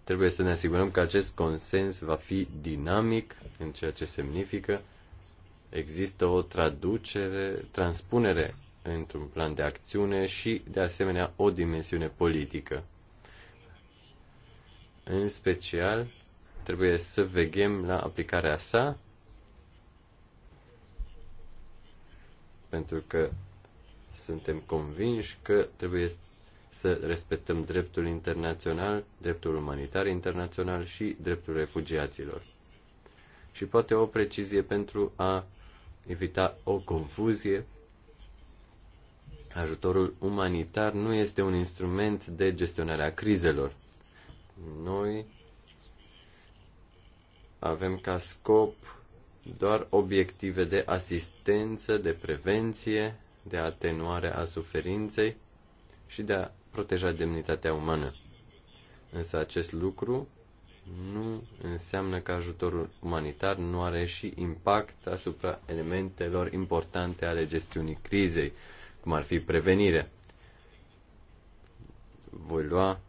trebuie să ne asigurăm că acest consens va fi dinamic în ceea ce semnifică există o traducere, transpunere într-un plan de acțiune și, de asemenea, o dimensiune politică. În special, trebuie să veghem la aplicarea sa, pentru că suntem convinși că trebuie să respectăm dreptul internațional, dreptul umanitar internațional și dreptul refugiaților. Și poate o precizie pentru a evita o confuzie. Ajutorul umanitar nu este un instrument de gestionare a crizelor. Noi avem ca scop doar obiective de asistență, de prevenție de atenuare a suferinței și de a proteja demnitatea umană. Însă acest lucru nu înseamnă că ajutorul umanitar nu are și impact asupra elementelor importante ale gestiunii crizei, cum ar fi prevenirea. Voi lua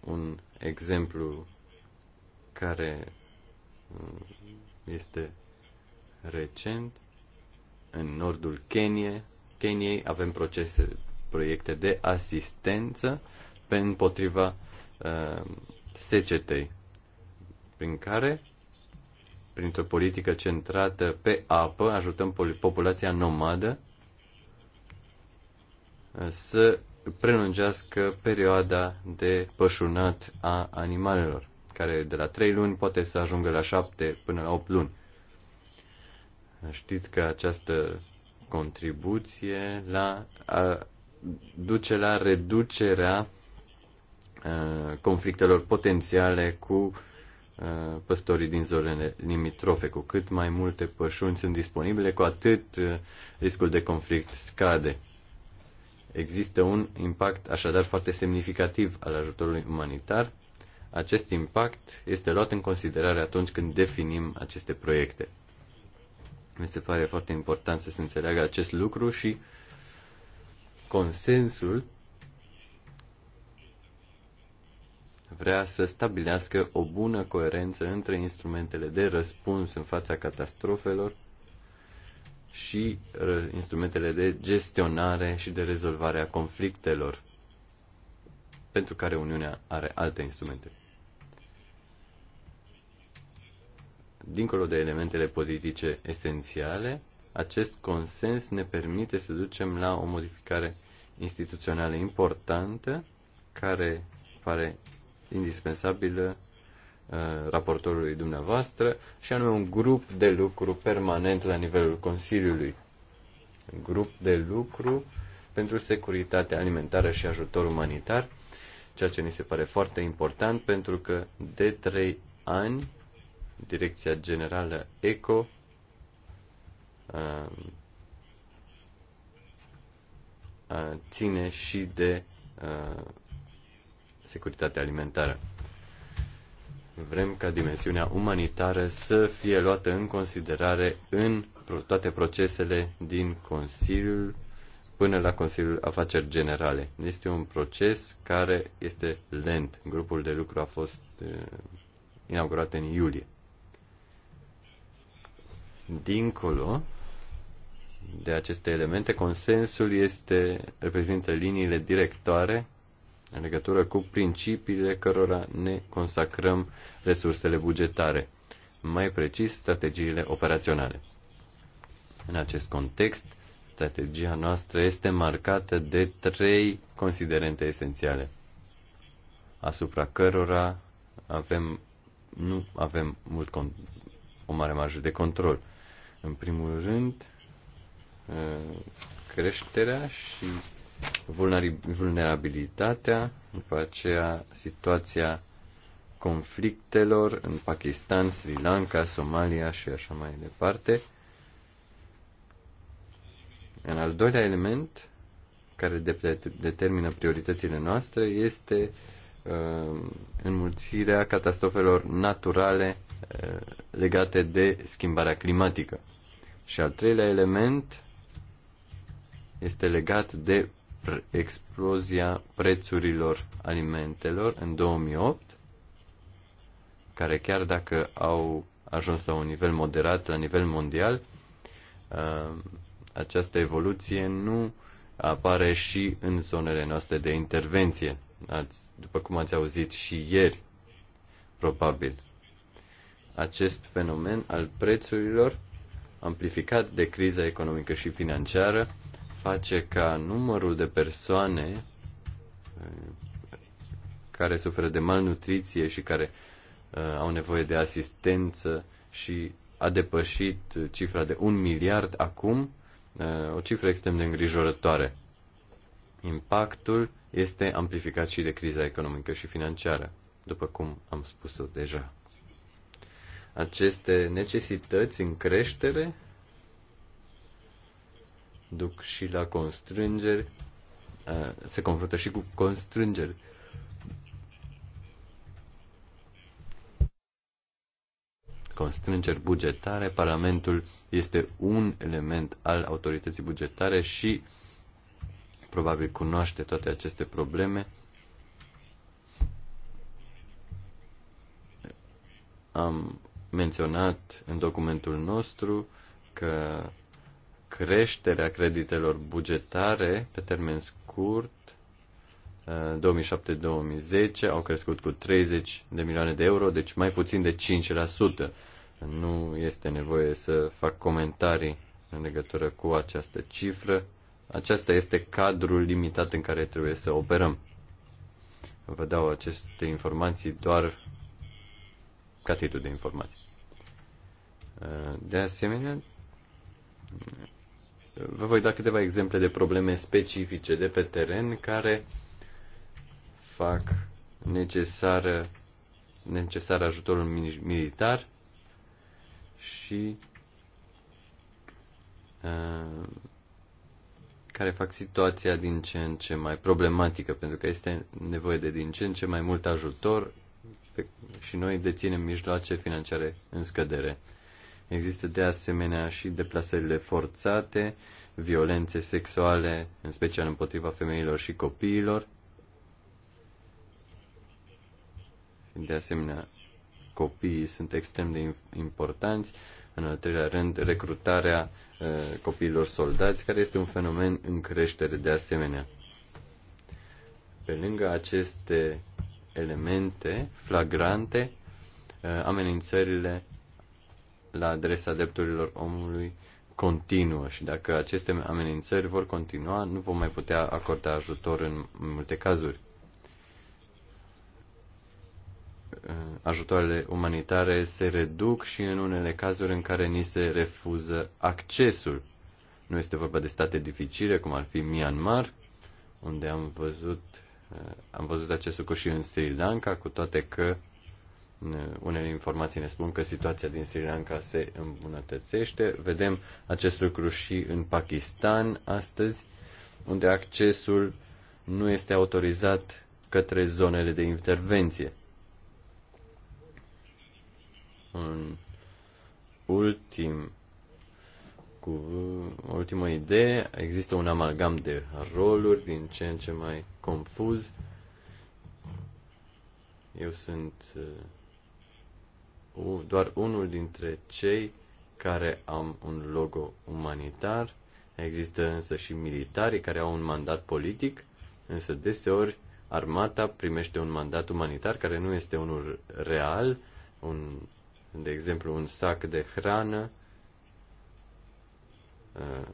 un exemplu care mm, este recent în nordul Keniei Keniei, avem procese, proiecte de asistență pe împotriva uh, secetei, prin care, printr-o politică centrată pe apă, ajutăm populația nomadă uh, să prelungească perioada de pășunat a animalelor, care de la 3 luni poate să ajungă la 7 până la 8 luni. Știți că această contribuție la a duce la reducerea conflictelor potențiale cu păstorii din zonele limitrofe. Cu cât mai multe pășuni sunt disponibile, cu atât riscul de conflict scade. Există un impact așadar foarte semnificativ al ajutorului umanitar. Acest impact este luat în considerare atunci când definim aceste proiecte. Mi se pare foarte important să se înțeleagă acest lucru și consensul vrea să stabilească o bună coerență între instrumentele de răspuns în fața catastrofelor și uh, instrumentele de gestionare și de rezolvare a conflictelor, pentru care Uniunea are alte instrumente. dincolo de elementele politice esențiale, acest consens ne permite să ducem la o modificare instituțională importantă care pare indispensabilă uh, raportorului dumneavoastră, și anume un grup de lucru permanent la nivelul Consiliului. Un grup de lucru pentru securitatea alimentară și ajutor umanitar, ceea ce ni se pare foarte important pentru că de trei ani Direcția Generală ECO um, ține și de securitatea alimentară. Vrem ca dimensiunea umanitară să fie luată în considerare în toate procesele din Consiliul până la Consiliul Afaceri Generale. Este un proces care este lent. Grupul de lucru a fost uh, inaugurat în iulie. Dincolo de aceste elemente, consensul este, reprezintă liniile directoare în legătură cu principiile cărora ne consacrăm resursele bugetare, mai precis strategiile operaționale. În acest context, strategia noastră este marcată de trei considerente esențiale, asupra cărora avem, nu avem mult o mare marjă de control – în primul rând, creșterea și vulnerabilitatea, după aceea situația conflictelor în Pakistan, Sri Lanka, Somalia și așa mai departe. În al doilea element care determină prioritățile noastre este uh, înmulțirea catastrofelor naturale uh, legate de schimbarea climatică. Și al treilea element este legat de explozia prețurilor alimentelor în 2008, care chiar dacă au ajuns la un nivel moderat, la nivel mondial, uh, această evoluție nu apare și în zonele noastre de intervenție, ați, după cum ați auzit și ieri, probabil. Acest fenomen al prețurilor amplificat de criza economică și financiară, face ca numărul de persoane eh, care suferă de malnutriție și care uh, au nevoie de asistență și a depășit cifra de un miliard acum, uh, o cifră extrem de îngrijorătoare. Impactul este amplificat și de criza economică și financiară, după cum am spus-o deja. Aceste necesități în creștere duc și la constrângeri, se confruntă și cu constrângeri. Constrângeri bugetare, Parlamentul este un element al autorității bugetare și probabil cunoaște toate aceste probleme. Am menționat în documentul nostru că creșterea creditelor bugetare pe termen scurt 2007-2010 uh, au crescut cu 30 de milioane de euro, deci mai puțin de 5%. Nu este nevoie să fac comentarii în legătură cu această cifră. Aceasta este cadrul limitat în care trebuie să operăm. Vă dau aceste informații doar ca de informații. De asemenea, vă voi da câteva exemple de probleme specifice de pe teren care fac necesar necesar ajutorul militar și uh, care fac situația din ce în ce mai problematică, pentru că este nevoie de din ce în ce mai mult ajutor pe, și noi deținem mijloace financiare în scădere. Există de asemenea și deplasările forțate, violențe sexuale, în special împotriva femeilor și copiilor. De asemenea, copiii sunt extrem de importanți. În al treilea rând, recrutarea uh, copiilor soldați, care este un fenomen în creștere de asemenea. Pe lângă aceste elemente flagrante uh, amenințările la adresa drepturilor omului continuă și dacă aceste amenințări vor continua, nu vom mai putea acorda ajutor în multe cazuri. Uh, ajutoarele umanitare se reduc și în unele cazuri în care ni se refuză accesul. Nu este vorba de state dificile, cum ar fi Myanmar, unde am văzut Eh, am văzut acest lucru și în Sri Lanka, cu toate că eh, unele informații ne spun că situația din Sri Lanka se îmbunătățește. Vedem acest lucru și în Pakistan astăzi, unde accesul nu este autorizat către zonele de intervenție. Un ultim cu uh, o idee. Există un amalgam de roluri din ce în ce mai confuz. Eu sunt uh, doar unul dintre cei care am un logo umanitar. Există însă și militarii care au un mandat politic, însă deseori armata primește un mandat umanitar care nu este unul real, un, de exemplu un sac de hrană Uh,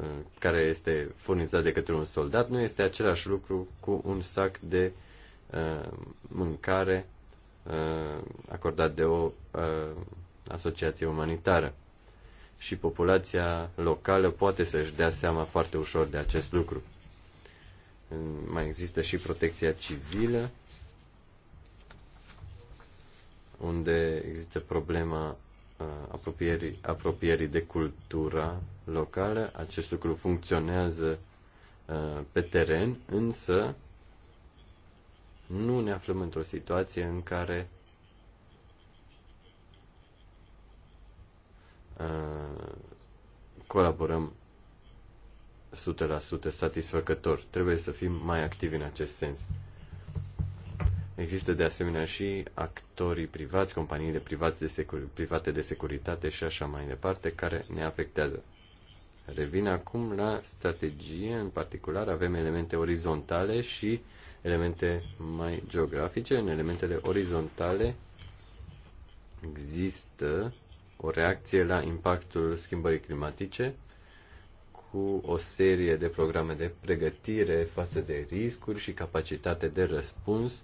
uh, care este furnizat de către un soldat nu este același lucru cu un sac de uh, mâncare acordat de o asociație umanitară. Și populația locală poate să-și dea seama foarte ușor de acest lucru. Mai există și protecția civilă, unde există problema apropierii, apropierii de cultura locală. Acest lucru funcționează pe teren, însă nu ne aflăm într-o situație în care colaborăm 100% satisfăcător. Trebuie să fim mai activi în acest sens. Există de asemenea și actorii privați, companiile privați de secur- private de securitate și așa mai departe, care ne afectează. Revin acum la strategie, în particular avem elemente orizontale și elemente mai geografice. În elementele orizontale există o reacție la impactul schimbării climatice cu o serie de programe de pregătire față de riscuri și capacitate de răspuns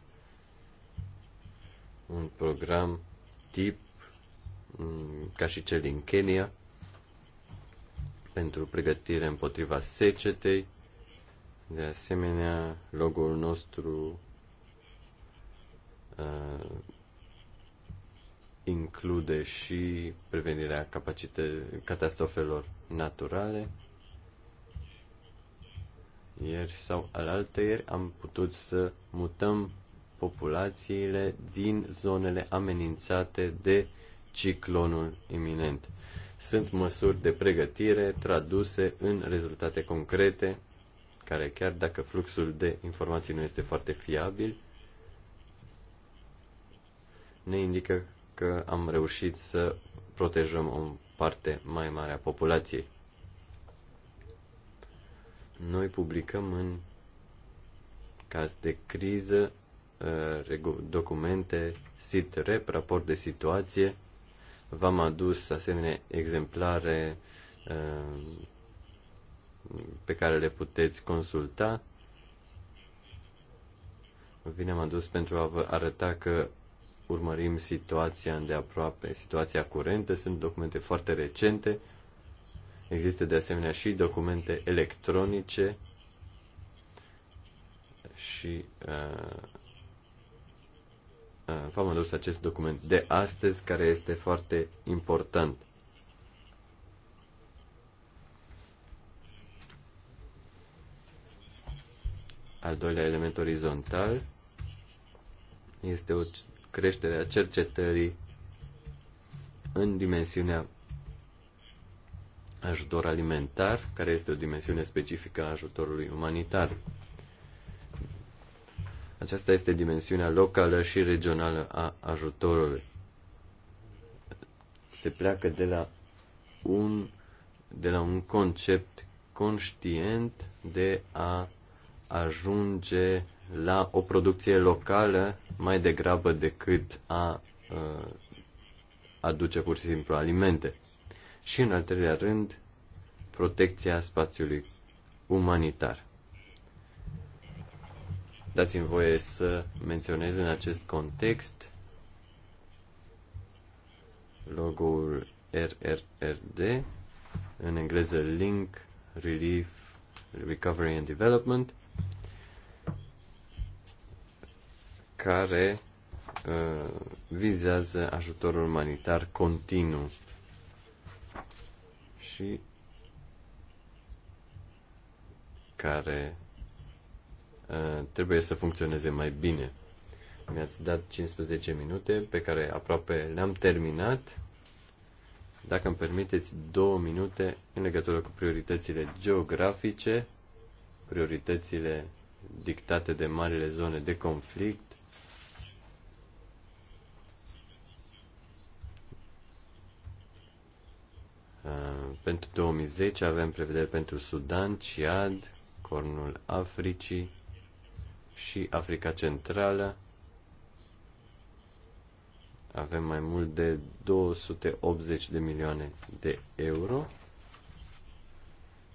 un program tip mm, ca și cel din Kenya pentru pregătire împotriva secetei. De asemenea, logo-ul nostru uh, include și prevenirea capacite- catastrofelor naturale. Ieri sau ieri am putut să mutăm populațiile din zonele amenințate de ciclonul iminent. Sunt măsuri de pregătire traduse în rezultate concrete, care chiar dacă fluxul de informații nu este foarte fiabil, ne indică că am reușit să protejăm o parte mai mare a populației. Noi publicăm în caz de criză Uh, documente, rep, raport de situație. V-am adus asemenea exemplare uh, pe care le puteți consulta. Vine am adus pentru a vă arăta că urmărim situația îndeaproape, situația curentă. Sunt documente foarte recente. Există de asemenea și documente electronice și uh, Uh, v-am adus acest document de astăzi, care este foarte important. Al doilea element orizontal este o creștere a cercetării în dimensiunea ajutor alimentar, care este o dimensiune specifică a ajutorului umanitar. Aceasta este dimensiunea locală și regională a ajutorului. Se pleacă de la un, de la un concept conștient de a ajunge la o producție locală mai degrabă decât a uh, aduce pur și simplu alimente. Și în al treilea rând, protecția spațiului umanitar. Dați-mi voie să menționez în acest context logo-ul RRRD, în engleză Link, Relief, Recovery and Development, care uh, vizează ajutorul umanitar continuu și care Eh, trebuie să funcționeze mai bine. Mi-ați dat 15 minute pe care aproape le-am terminat. Dacă îmi permiteți două minute în legătură cu prioritățile geografice, prioritățile dictate de marile zone de conflict, eh, pentru 2010 avem prevederi pentru Sudan, Ciad, Cornul Africii, și Africa Centrală. Avem mai mult de 280 de milioane de euro.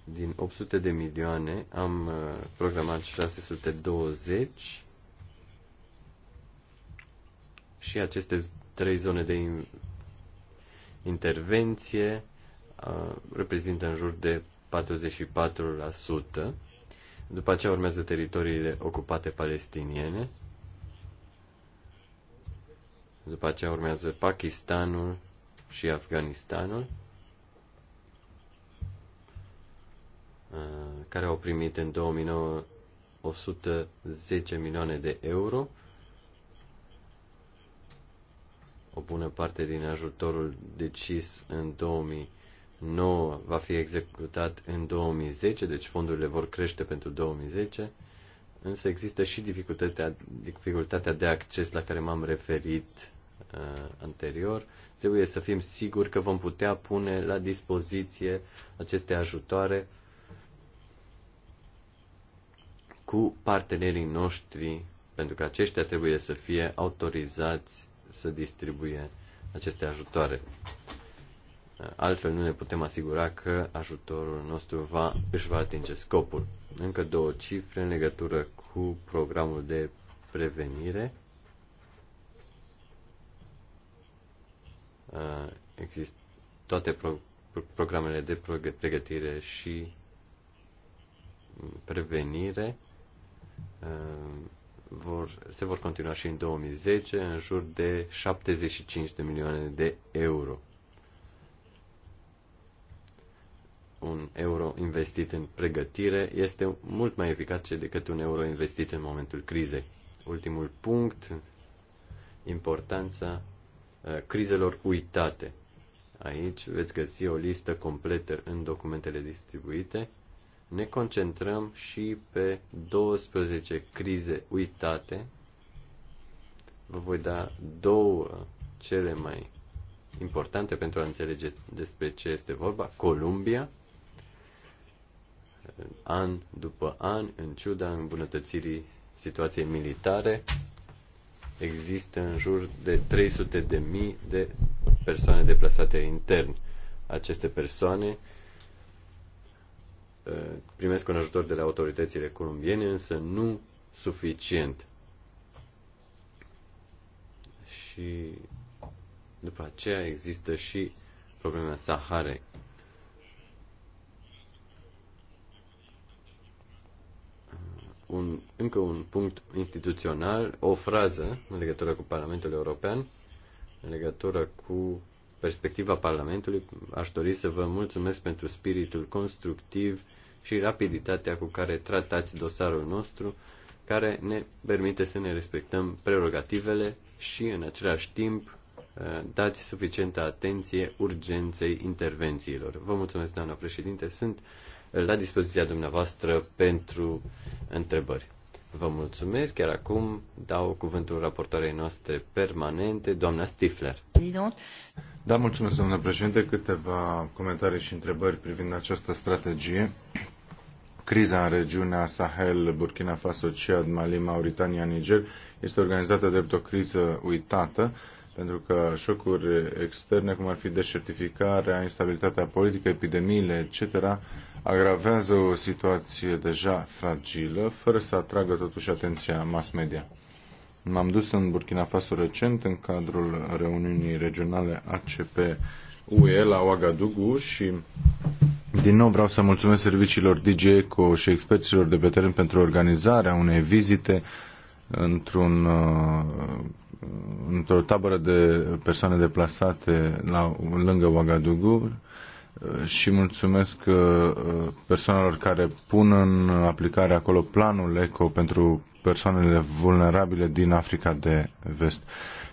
Din 800 de milioane am uh, programat 620 și aceste trei zone de intervenție uh, reprezintă în jur de 44%. După aceea urmează teritoriile ocupate palestiniene. După aceea urmează Pakistanul și Afganistanul, care au primit în 2009 110 milioane de euro. O bună parte din ajutorul decis în 2000 nouă va fi executat în 2010, deci fondurile vor crește pentru 2010, însă există și dificultatea, dificultatea de acces la care m-am referit uh, anterior. Trebuie să fim siguri că vom putea pune la dispoziție aceste ajutoare cu partenerii noștri, pentru că aceștia trebuie să fie autorizați să distribuie aceste ajutoare. Altfel nu ne putem asigura că ajutorul nostru va, își va atinge scopul. Încă două cifre în legătură cu programul de prevenire. Uh, Există toate pro- programele de pregătire și prevenire uh, vor, se vor continua și în 2010 în jur de 75 de milioane de euro. un euro investit în pregătire este mult mai eficace decât un euro investit în momentul crizei. Ultimul punct, importanța uh, crizelor uitate. Aici veți găsi o listă completă în documentele distribuite. Ne concentrăm și pe 12 crize uitate. Vă voi da două cele mai importante pentru a înțelege despre ce este vorba. Columbia, an după an, în ciuda îmbunătățirii situației militare, există în jur de 300 de mii de persoane deplasate intern. Aceste persoane uh, primesc un ajutor de la autoritățile colombiene, însă nu suficient. Și după aceea există și problema Saharei. un, încă un punct instituțional, o frază în legătură cu Parlamentul European, în legătură cu perspectiva Parlamentului. Aș dori să vă mulțumesc pentru spiritul constructiv și rapiditatea cu care tratați dosarul nostru, care ne permite să ne respectăm prerogativele și, în același timp, eh, dați suficientă atenție urgenței intervențiilor. Vă mulțumesc, doamna președinte. Sunt la dispoziția dumneavoastră pentru întrebări. Vă mulțumesc, iar acum dau cuvântul raportoarei noastre permanente, doamna Stifler. Da, mulțumesc, doamna președinte. Câteva comentarii și întrebări privind această strategie. Criza în regiunea Sahel, Burkina Faso, Ciad, Mali, Mauritania, Niger este organizată drept o criză uitată pentru că șocuri externe, cum ar fi deșertificarea, instabilitatea politică, epidemiile, etc., agravează o situație deja fragilă, fără să atragă totuși atenția mass media. M-am dus în Burkina Faso recent, în cadrul reuniunii regionale ACP-UE la Ouagadougou și din nou vreau să mulțumesc serviciilor DGECO și experților de pe teren pentru organizarea unei vizite într-un uh, într-o tabără de persoane deplasate la, lângă Ouagadougou și mulțumesc uh, persoanelor care pun în aplicare acolo planul ECO pentru persoanele vulnerabile din Africa de Vest.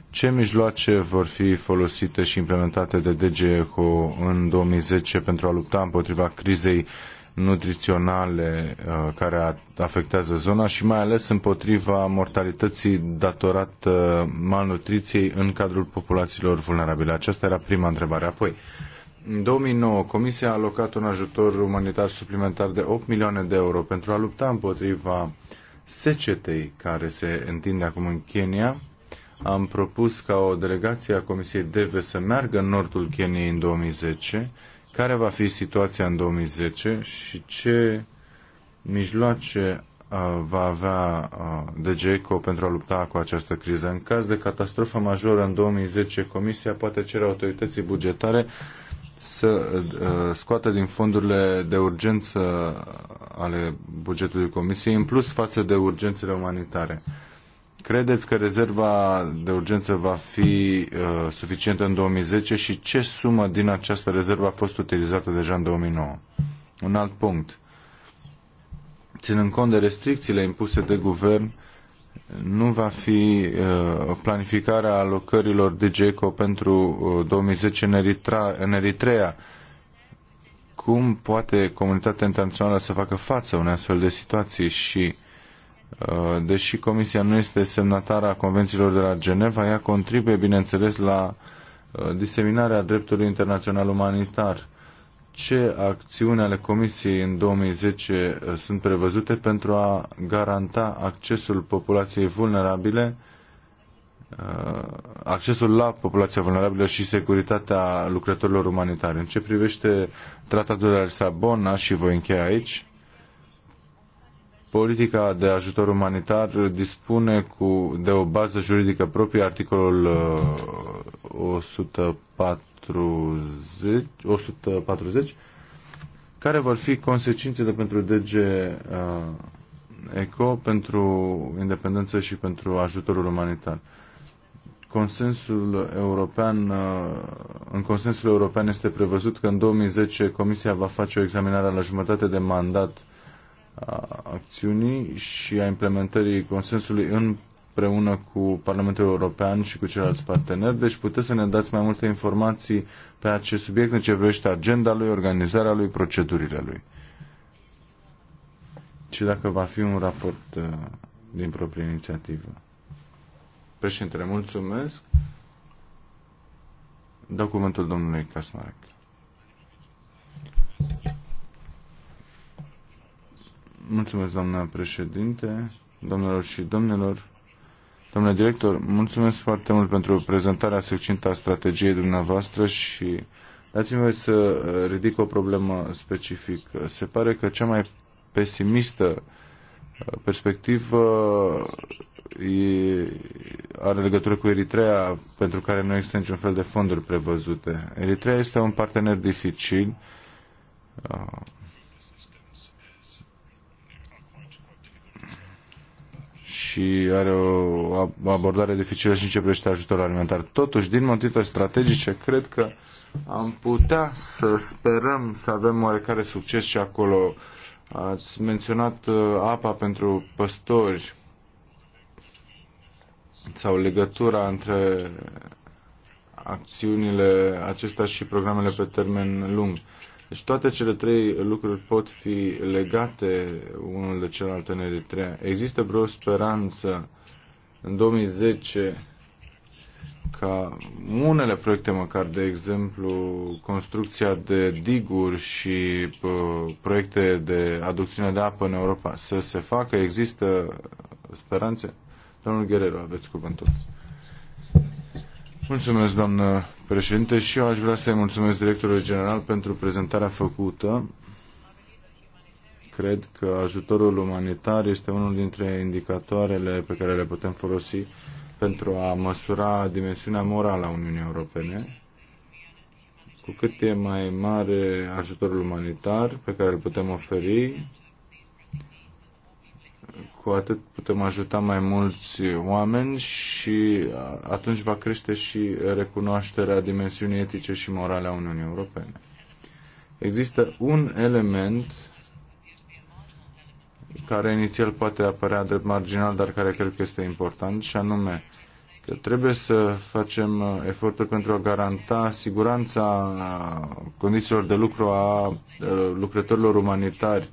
Ce mijloace vor fi folosite și implementate de DG ECO în 2010 pentru a lupta împotriva crizei uh, nutriționale uh, care afectează zona și mai ales împotriva mortalității datorată uh, malnutriției în cadrul populațiilor vulnerabile. Aceasta era prima întrebare. Apoi, în 2009, Comisia a alocat un ajutor umanitar suplimentar de 8 milioane de euro pentru a lupta împotriva secetei care se întinde acum în Kenya. Am propus ca o delegație a Comisiei DEVE să meargă în nordul Keniei în 2010 care va fi situația în 2010 și ce mijloace uh, va avea uh, DGECO pentru a lupta cu această criză. În caz de catastrofă majoră în 2010, Comisia poate cere autorității bugetare să uh, scoată din fondurile de urgență ale bugetului Comisiei, în plus față de urgențele umanitare. Credeți că rezerva de urgență va fi uh, suficientă în 2010 și ce sumă din această rezervă a fost utilizată deja în 2009? Un alt punct. Ținând cont de restricțiile impuse de guvern, nu va fi uh, planificarea alocărilor DGECO pentru uh, 2010 în, Eritra, în Eritrea. Cum poate comunitatea internațională să facă față unei astfel de situații și Uh, deși Comisia nu este semnatară a convențiilor de la Geneva, ea contribuie, bineînțeles, la uh, diseminarea dreptului internațional umanitar. Ce acțiuni ale Comisiei în 2010 uh, sunt prevăzute pentru a garanta accesul populației vulnerabile accesul la populația vulnerabilă și securitatea lucrătorilor umanitari. În ce privește tratatul de la Lisabona și voi încheia aici, politica de ajutor umanitar dispune cu, de o bază juridică proprie, articolul 140, uh, 140 care vor fi consecințele pentru DG uh, ECO, pentru independență și pentru ajutorul umanitar. Consensul european, uh, în consensul european este prevăzut că în 2010 Comisia va face o examinare la jumătate de mandat uh, acțiunii și a implementării consensului împreună cu Parlamentul European și cu ceilalți parteneri. Deci puteți să ne dați mai multe informații pe acest subiect în ce privește agenda lui, organizarea lui, procedurile lui. Și dacă va fi un raport uh, din proprie inițiativă. Președintele, mulțumesc. Documentul domnului Casmarec. Mulțumesc, doamna președinte, domnilor și domnilor. Domnule director, mulțumesc foarte mult pentru prezentarea succintă a strategiei dumneavoastră și dați-mi voi să ridic o problemă specifică. Se pare că cea mai pesimistă uh, perspectivă are legătură cu Eritrea, pentru care nu există niciun fel de fonduri prevăzute. Eritrea este un partener dificil uh, și are o abordare dificilă și în ce privește ajutorul alimentar. Totuși, din motive strategice, cred că am putea să sperăm să avem oarecare succes și acolo. Ați menționat uh, apa pentru păstori sau legătura între acțiunile acestea și programele pe termen lung. Deci toate cele trei lucruri pot fi legate unul de celălalt în Eritrea. Există vreo speranță în 2010 ca unele proiecte măcar, de exemplu, construcția de diguri și proiecte de aducțiune de apă în Europa să se facă? Există speranțe? Domnul Guerrero, aveți cuvântul. Mulțumesc, doamnă președinte, și eu aș vrea să-i mulțumesc directorului general pentru prezentarea făcută. Cred că ajutorul umanitar este unul dintre indicatoarele pe care le putem folosi pentru a măsura dimensiunea morală a Uniunii Europene. Cu cât e mai mare ajutorul umanitar pe care îl putem oferi, cu atât putem ajuta mai mulți oameni și atunci va crește și recunoașterea dimensiunii etice și morale a Uniunii Europene. Există un element care inițial poate apărea drept marginal, dar care cred că este important, și anume că trebuie să facem uh, eforturi pentru a garanta siguranța condițiilor de lucru a uh, lucrătorilor umanitari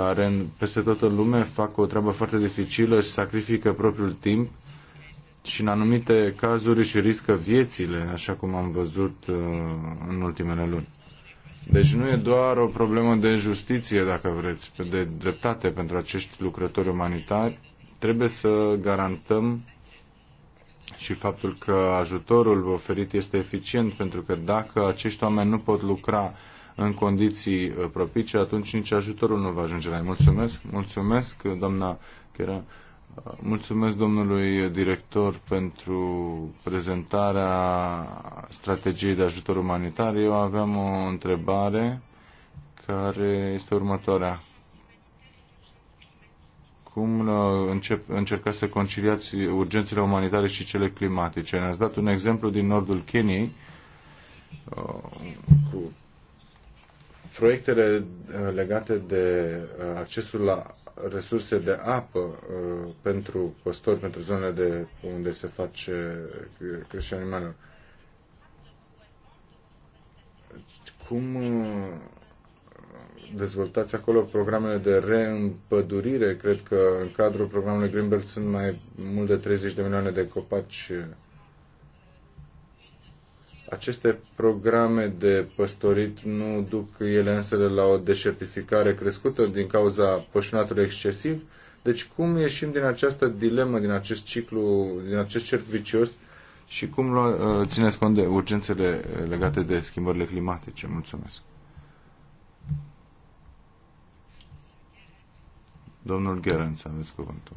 care în, peste toată lume fac o treabă foarte dificilă și sacrifică propriul timp și în anumite cazuri își riscă viețile, așa cum am văzut uh, în ultimele luni. Deci nu e doar o problemă de justiție, dacă vreți, de dreptate pentru acești lucrători umanitari. Trebuie să garantăm și faptul că ajutorul oferit este eficient, pentru că dacă acești oameni nu pot lucra în condiții uh, propice, atunci nici ajutorul nu va ajunge la ei. Mulțumesc, mulțumesc, uh, doamna Chera. Uh, mulțumesc domnului director pentru prezentarea strategiei de ajutor umanitar. Eu aveam o întrebare care este următoarea. Cum încep, încercați să conciliați urgențele umanitare și cele climatice? Ne-ați dat un exemplu din nordul Keniei cu proiectele eh, legate de eh, accesul la resurse de apă eh, pentru păstori, pentru zonele de unde se face creșterea animalelor. Cum dezvoltați acolo programele de reîmpădurire? Cred că în cadrul programului Greenbelt sunt mai mult de 30 de milioane de copaci aceste programe de păstorit nu duc ele însele la o deșertificare crescută din cauza pășunatului excesiv. Deci cum ieșim din această dilemă, din acest ciclu, din acest cerc vicios și cum lua, uh, țineți cont de urgențele legate de schimbările climatice? Mulțumesc. Domnul Gerenț, aveți cuvântul.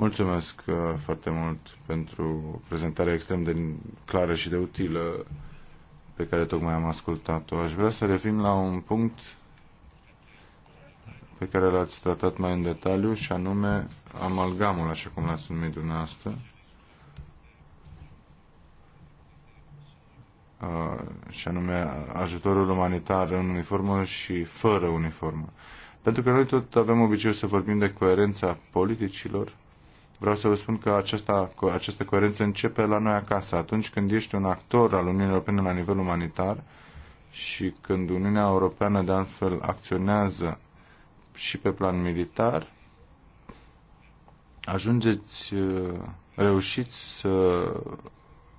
Mulțumesc uh, foarte mult pentru prezentarea extrem de clară și de utilă pe care tocmai am ascultat-o. Aș vrea să revin la un punct pe care l-ați tratat mai în detaliu și anume amalgamul, așa cum l-ați numit dumneavoastră. Uh, și anume ajutorul umanitar în uniformă și fără uniformă. Pentru că noi tot avem obiceiul să vorbim de coerența politicilor Vreau să vă spun că aceasta, această coerență începe la noi acasă. Atunci când ești un actor al Uniunii Europene la nivel umanitar și când Uniunea Europeană de altfel acționează și pe plan militar, ajungeți, uh, reușiți să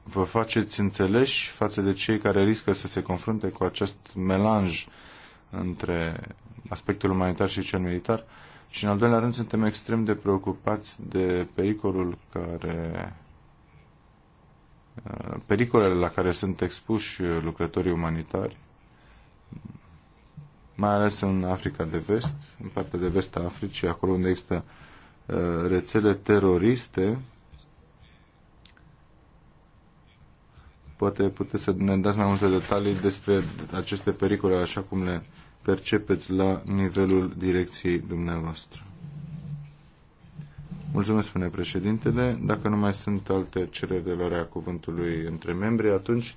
vă faceți înțeleși față de cei care riscă să se confrunte cu acest melanj între aspectul umanitar și cel militar și în al doilea rând suntem extrem de preocupați de pericolul care uh, pericolele la care sunt expuși uh, lucrătorii umanitari, mai ales în Africa de Vest, în partea de vest a Africii, acolo unde există uh, rețele teroriste. Poate puteți să ne dați mai multe detalii despre aceste pericole, așa cum le percepeți la nivelul direcției dumneavoastră. Mulțumesc, spune președintele. Dacă nu mai sunt alte cereri de luare a cuvântului între membri, atunci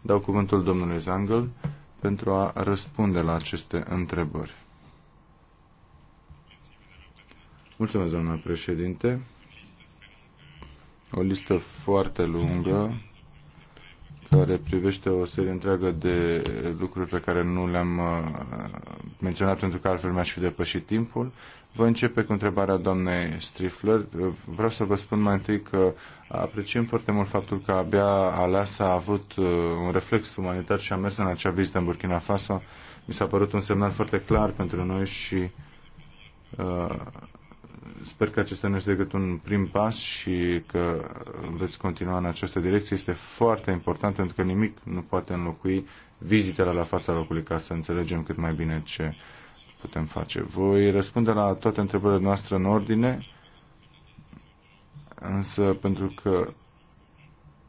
dau cuvântul domnului Zangel pentru a răspunde la aceste întrebări. Mulțumesc, doamnă președinte. O listă foarte lungă care privește o serie întreagă de lucruri pe care nu le-am uh, menționat pentru că altfel mi-aș fi depășit timpul. Vă începe cu întrebarea doamnei Strifler. Vreau să vă spun mai întâi că apreciem foarte mult faptul că abia Aleasa a avut uh, un reflex umanitar și a mers în acea vizită în Burkina Faso. Mi s-a părut un semnal foarte clar pentru noi și uh, Sper că acesta nu este decât un prim pas și că veți continua în această direcție. Este foarte important pentru că nimic nu poate înlocui vizitele la fața locului ca să înțelegem cât mai bine ce putem face. Voi răspunde la toate întrebările noastre în ordine, însă pentru că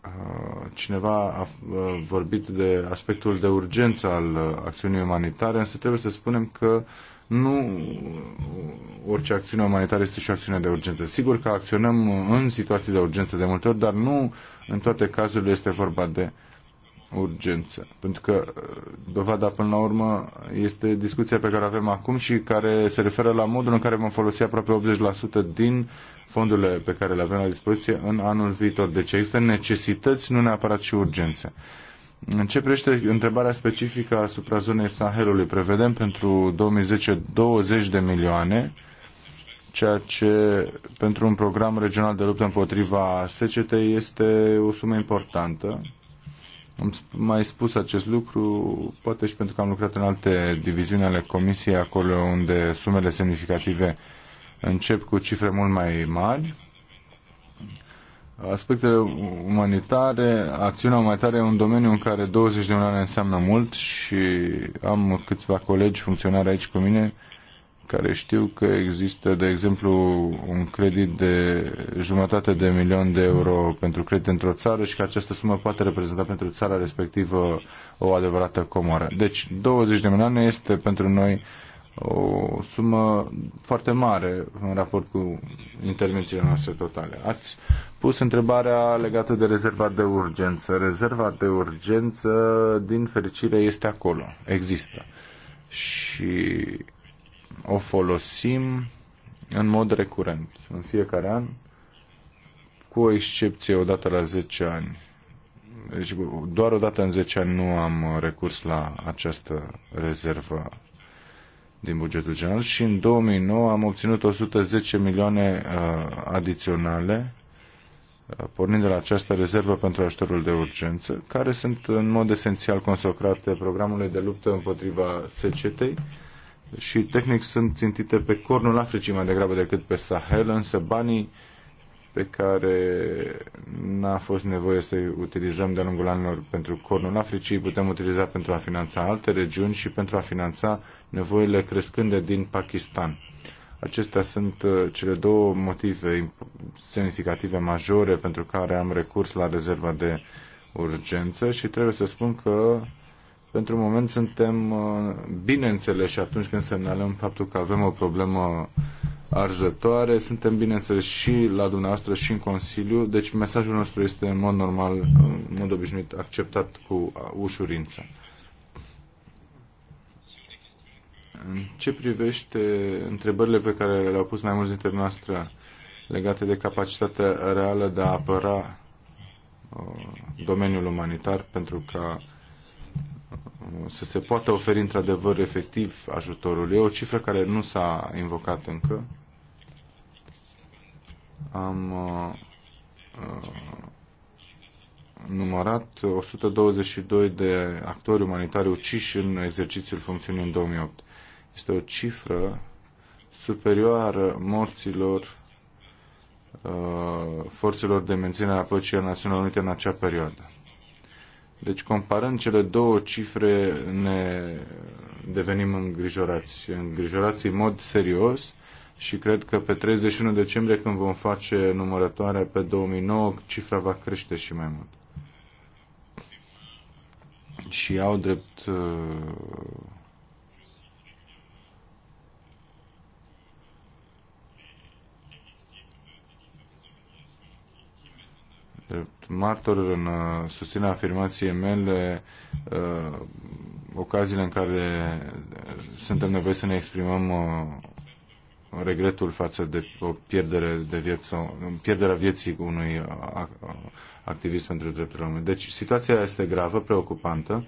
uh, cineva a uh, vorbit de aspectul de urgență al uh, acțiunii umanitare, însă trebuie să spunem că uh, nu orice acțiune umanitară este și o acțiune de urgență. Sigur că acționăm în situații de urgență de multe ori, dar nu în toate cazurile este vorba de urgență. Pentru că uh, dovada până la urmă este discuția pe care o avem acum și care se referă la modul în care vom folosi aproape 80% din fondurile pe care le avem la dispoziție în anul viitor. Deci există necesități, nu neapărat și urgențe. În ce privește întrebarea specifică asupra zonei Sahelului, prevedem pentru 2010 20 de milioane, ceea ce pentru un program regional de luptă împotriva secetei este o sumă importantă. Am mai spus acest lucru, poate și pentru că am lucrat în alte diviziuni ale Comisiei, acolo unde sumele semnificative încep cu cifre mult mai mari Aspectele umanitare, acțiunea umanitară e un domeniu în care 20 de milioane înseamnă mult și am câțiva colegi funcționari aici cu mine care știu că există, de exemplu, un credit de jumătate de milion de euro pentru credit într-o țară și că această sumă poate reprezenta pentru țara respectivă o adevărată comoră. Deci 20 de milioane este pentru noi uh, o sumă foarte mare în raport cu intervențiile noastre totale. Ați pus întrebarea legată de rezerva de urgență. Rezerva de urgență, din fericire, este acolo, există. Și o folosim în mod recurent, în fiecare an, cu o excepție odată la 10 ani. Deci doar odată în 10 ani nu am recurs la această rezervă din bugetul general și în 2009 am obținut 110 milioane uh, adiționale uh, pornind de la această rezervă pentru ajutorul de urgență, care sunt în mod esențial consacrate programului de luptă împotriva secetei și tehnic sunt țintite pe cornul Africii mai degrabă decât pe Sahel, însă banii uh, pe care n-a fost nevoie să-i utilizăm de-a lungul anilor pentru cornul Africii, putem utiliza pentru a finanța alte regiuni și pentru a finanța nevoile crescânde din Pakistan. Acestea sunt uh, cele două motive semnificative majore pentru care am recurs la rezerva de urgență și trebuie să spun că pentru moment suntem uh, și atunci când semnalăm faptul că avem o problemă arzătoare. Suntem bineînțeles și la dumneavoastră și în Consiliu, deci mesajul nostru este în mod normal, în mod obișnuit, acceptat cu ușurință. În ce privește întrebările pe care le-au pus mai mulți dintre noastre legate de capacitatea reală de a apăra uh, domeniul umanitar pentru ca să se poată oferi într-adevăr efectiv ajutorul. E o cifră care nu s-a invocat încă. Am uh, uh numărat 122 de actori umanitari uciși în exercițiul funcțiunii în 2008. Este o cifră superioară morților uh, forțelor de menținere a păcii naționale Națiunilor Unite în acea perioadă. Deci, comparând cele două cifre, ne devenim îngrijorați. Îngrijorați în mod serios și cred că pe 31 decembrie, când vom face numărătoarea pe 2009, cifra va crește și mai mult. Și au drept uh, martor în uh, susține afirmației mele uh, ocaziile în care suntem nevoiți să ne exprimăm uh, regretul față de o pierdere de viață, pierderea vieții unui activist pentru drepturile omului. Deci situația este gravă, preocupantă.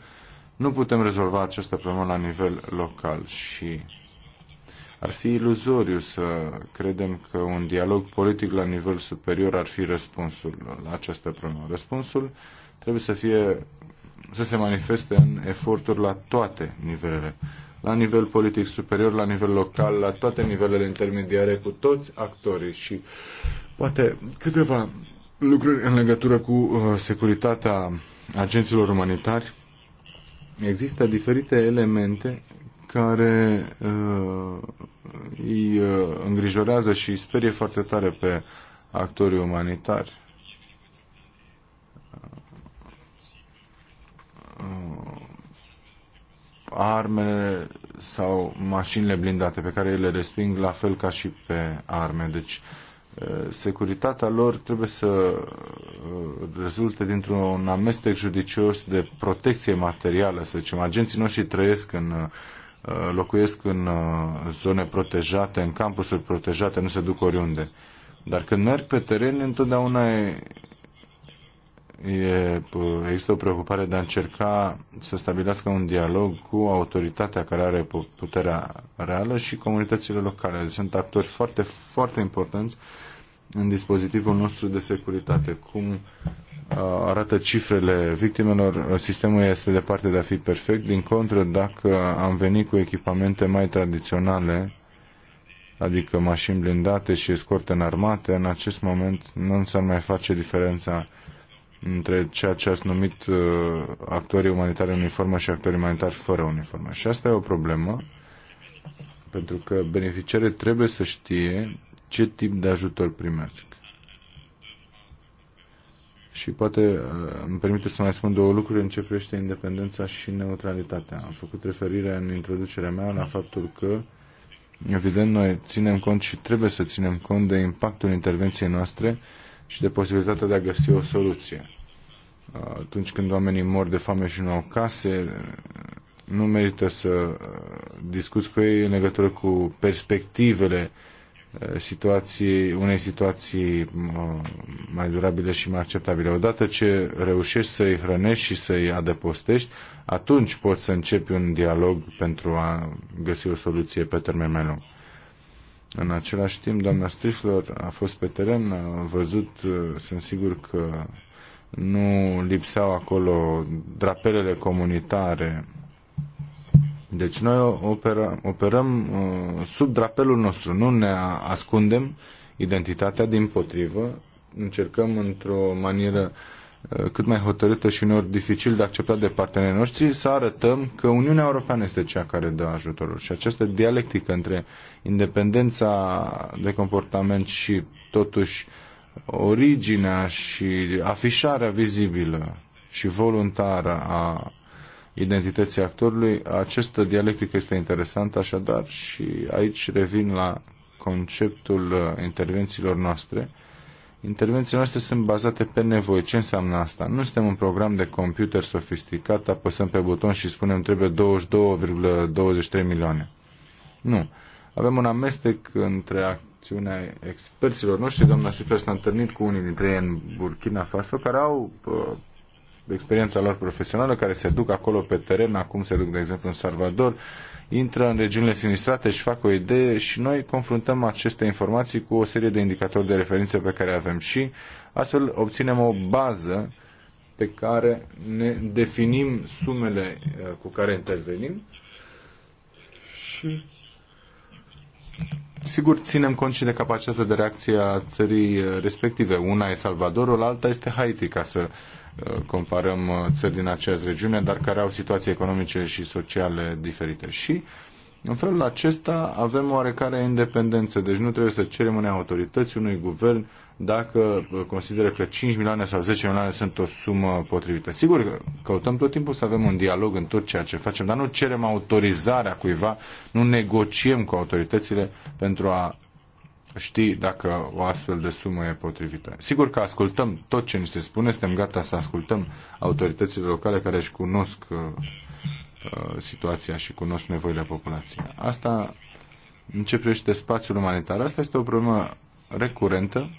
Nu putem rezolva această problemă la nivel local și ar fi iluzoriu să credem că un dialog politic la nivel superior ar fi răspunsul la această problemă. Răspunsul trebuie să fie să se manifeste în eforturi la toate nivelele. La nivel politic superior, la nivel local, la toate nivelele intermediare, cu toți actorii și poate câteva lucruri în legătură cu uh, securitatea agenților umanitari. Există diferite elemente care uh, îi uh, îngrijorează și îi sperie foarte tare pe actorii umanitari. Uh, armele sau mașinile blindate pe care ele resping la fel ca și pe arme. Deci uh, securitatea lor trebuie să uh, rezulte dintr-un amestec judicios de protecție materială, să zicem. Agenții noștri trăiesc în uh, Uh, locuiesc în uh, zone protejate, în campusuri protejate, nu se duc oriunde. Dar când merg pe teren, întotdeauna e, e, uh, există o preocupare de a încerca să stabilească un dialog cu autoritatea care are puterea reală și comunitățile locale. sunt actori foarte, foarte importanți în dispozitivul nostru de securitate. Cum uh, arată cifrele victimelor, uh, sistemul este departe de a fi perfect. Din contră, dacă am venit cu echipamente mai tradiționale, adică mașini blindate și escorte armate, în acest moment nu s-ar mai face diferența între ceea ce ați numit uh, actorii umanitari în uniformă și actorii umanitari fără uniformă. Și asta e o problemă, pentru că beneficiarii trebuie să știe ce tip de ajutor primesc. Și poate uh, îmi permite să mai spun două lucruri în ce privește independența și neutralitatea. Am făcut referire în introducerea mea la faptul că, evident, noi ținem cont și trebuie să ținem cont de impactul intervenției noastre și de posibilitatea de a găsi o soluție. Uh, atunci când oamenii mor de foame și nu au case, nu merită să uh, discuți cu ei în legătură cu perspectivele uh, Eh, situații, unei situații mm, mai durabile și mai acceptabile. Odată ce reușești să-i hrănești și să-i adăpostești, atunci poți să începi un dialog pentru a găsi o soluție pe termen mai lung. În același timp, doamna Strifler a fost pe teren, a văzut, eh, sunt sigur că nu lipseau acolo drapelele comunitare deci noi opera, operăm uh, sub drapelul nostru, nu ne ascundem identitatea din potrivă, încercăm într-o manieră uh, cât mai hotărâtă și uneori dificil de acceptat de partenerii noștri, să arătăm că Uniunea Europeană este cea care dă ajutorul. Și această dialectică între independența de comportament și totuși originea și afișarea vizibilă și voluntară a identității actorului. Această dialectică este interesantă așadar și aici revin la conceptul uh, intervențiilor noastre. Intervențiile noastre sunt bazate pe nevoi. Ce înseamnă asta? Nu suntem un program de computer sofisticat, apăsăm pe buton și spunem trebuie 22,23 milioane. Nu. Avem un amestec între acțiunea experților noștri. Doamna Sifler s-a întâlnit cu unii dintre ei în Burkina Faso, care au uh, experiența lor profesională, care se duc acolo pe teren, acum se duc, de exemplu, în Salvador, intră în regiunile sinistrate și fac o idee și noi confruntăm aceste informații cu o serie de indicatori de referință pe care avem și astfel obținem o bază pe care ne definim sumele eh, cu care intervenim și Sigur, ținem cont și de capacitatea de reacție a țării eh, respective. Una e Salvadorul, alta este Haiti, ca să Eh, comparăm eh, țări din aceeași regiune, dar care au situații economice și sociale diferite. Și în felul acesta avem oarecare independență, deci nu trebuie să cerem unei autorități, unui guvern, dacă eh, consideră că 5 milioane sau 10 milioane sunt o sumă potrivită. Sigur că căutăm tot timpul să avem un dialog în tot ceea ce facem, dar nu cerem autorizarea cuiva, nu negociem cu autoritățile pentru a știi dacă o astfel de sumă e potrivită. Sigur că ascultăm tot ce ni se spune, suntem gata să ascultăm autoritățile locale care își cunosc uh, uh situația și cunosc nevoile populației. Asta în ce privește spațiul umanitar, asta este o problemă recurentă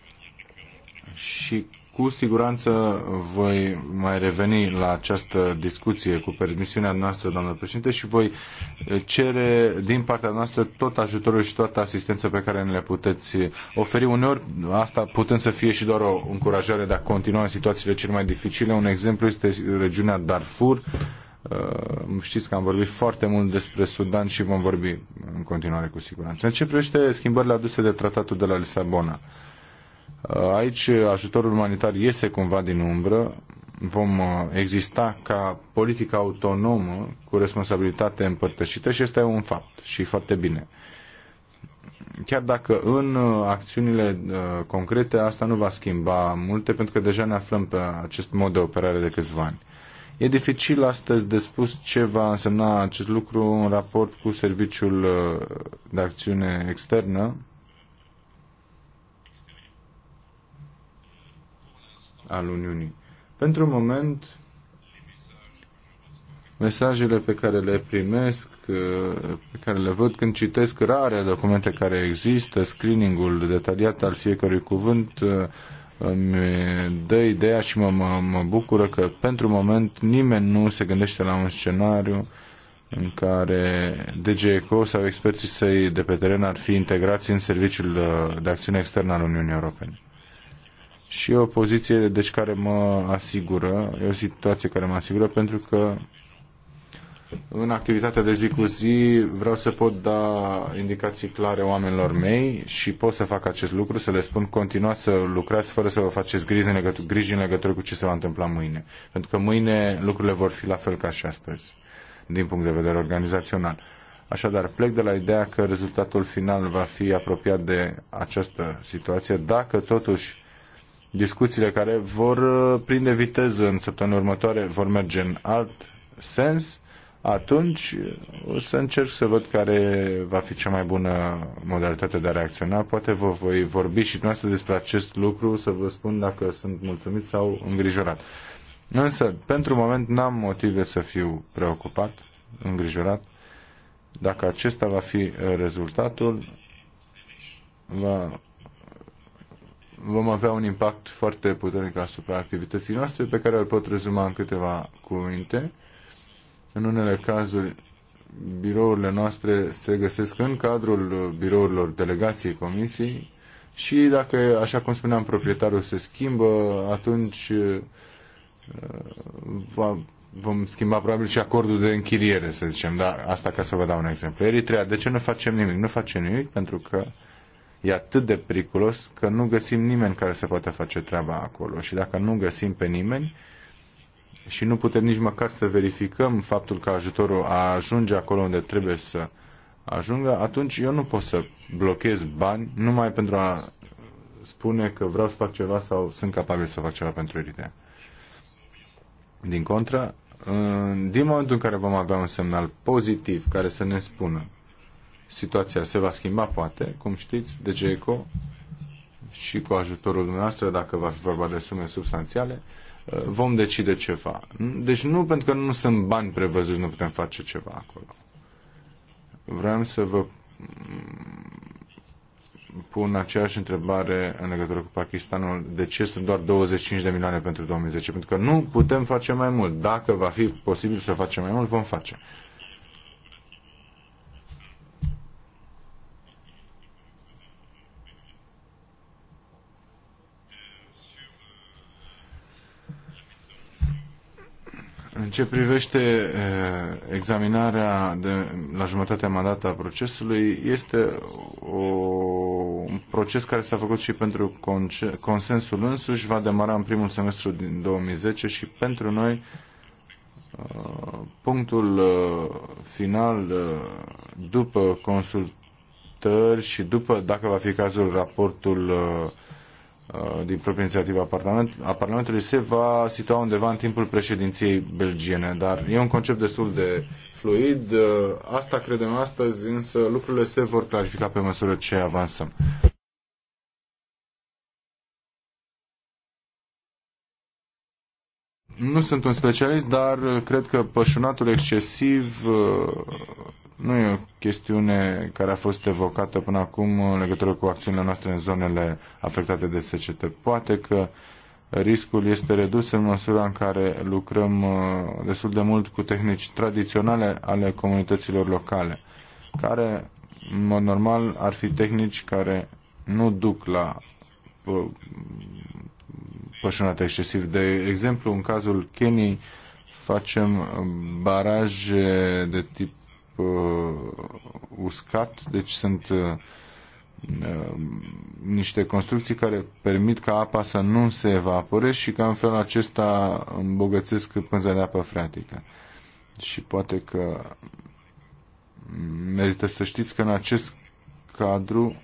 și cu siguranță voi mai reveni la această discuție cu permisiunea noastră, doamnă președinte, și voi cere din partea noastră tot ajutorul și toată asistența pe care ne le puteți oferi. Uneori, asta putând să fie și doar o încurajare de a continua în situațiile cele mai dificile. Un exemplu este regiunea Darfur. Uh, știți că am vorbit foarte mult despre Sudan și vom vorbi în continuare cu siguranță. În ce privește schimbările aduse de tratatul de la Lisabona? Aici ajutorul umanitar iese cumva din umbră, vom uh, exista ca politică autonomă cu responsabilitate împărtășită și este un fapt și foarte bine. Chiar dacă în uh, acțiunile uh, concrete asta nu va schimba multe, pentru că deja ne aflăm pe acest mod de operare de câțiva ani. E dificil astăzi de spus ce va însemna acest lucru în raport cu Serviciul de Acțiune Externă, al Uniunii. Pentru moment, mesajele pe care le primesc, uh, pe care le văd când citesc rare documente care există, screeningul detaliat al fiecărui cuvânt, uh, îmi dă ideea și mă, mă, mă bucură că pentru moment nimeni nu se gândește la un scenariu în care DGECO sau experții săi de pe teren ar fi integrați în Serviciul de Acțiune Externă al Uniunii Europene și o poziție deci care mă asigură, e o situație care mă asigură pentru că în activitatea de zi cu zi vreau să pot da indicații clare oamenilor mei și pot să fac acest lucru, să le spun continuați să lucrați fără să vă faceți griji în, legătură, griji în legătură cu ce se va întâmpla mâine. Pentru că mâine lucrurile vor fi la fel ca și astăzi, din punct de vedere organizațional. Așadar, plec de la ideea că rezultatul final va fi apropiat de această situație, dacă totuși discuțiile care vor uh, prinde viteză în săptămâna următoare vor merge în alt sens, atunci uh, o să încerc să văd care va fi cea mai bună modalitate de a reacționa. Poate vă voi vorbi și dumneavoastră despre acest lucru să vă spun dacă sunt mulțumit sau îngrijorat. Însă, pentru moment, n-am motive să fiu preocupat, îngrijorat. Dacă acesta va fi uh, rezultatul, va vom avea un impact foarte puternic asupra activității noastre, pe care îl pot rezuma în câteva cuvinte. În unele cazuri, birourile noastre se găsesc în cadrul birourilor delegației comisii și dacă, așa cum spuneam, proprietarul se schimbă, atunci uh, va, vom schimba probabil și acordul de închiriere, să zicem. Dar asta ca să vă dau un exemplu. Eritrea, de ce nu facem nimic? Nu facem nimic pentru că uh, e atât de periculos că nu găsim nimeni care să poată face treaba acolo. Și dacă nu găsim pe nimeni și nu putem nici măcar să verificăm faptul că ajutorul a ajunge acolo unde trebuie să ajungă, atunci eu nu pot să blochez bani numai pentru a spune că vreau să fac ceva sau sunt capabil să fac ceva pentru Eritrea. Din contră, din momentul în care vom avea un semnal pozitiv care să ne spună situația se va schimba, poate, cum știți, de GECO și cu ajutorul dumneavoastră, dacă va fi vorba de sume substanțiale, uh, vom decide ceva. Deci nu pentru că nu sunt bani prevăzuți, nu putem face ceva acolo. Vreau să vă mm, pun aceeași întrebare în legătură cu Pakistanul. De ce sunt doar 25 de milioane pentru 2010? Pentru că nu putem face mai mult. Dacă va fi posibil să facem mai mult, vom face. În ce privește examinarea de, la jumătatea mandată a procesului, este o, un proces care s-a făcut și pentru consensul însuși, va demara în primul semestru din 2010 și pentru noi punctul final după consultări și după, dacă va fi cazul, raportul Uh, din propria inițiativă a, Parlament, a Parlamentului se va situa undeva în timpul președinției belgiene, dar e un concept destul de fluid. Uh, asta credem astăzi, însă lucrurile se vor clarifica pe măsură ce avansăm. Nu sunt un specialist, dar cred că pășunatul excesiv uh, nu e o chestiune care a fost evocată până acum în legătură cu acțiunile noastre în zonele afectate de secetă. Poate că riscul este redus în măsura în care lucrăm uh, destul de mult cu tehnici tradiționale ale comunităților locale, care, în mod normal, ar fi tehnici care nu duc la uh, pășunate excesiv. De exemplu, în cazul Keniei, facem baraje de tip Uh, uscat, deci sunt uh, uh, niște construcții care permit ca apa să nu se evapore și ca în felul acesta îmbogățesc pânza de apă freatică. Și poate că merită să știți că în acest cadru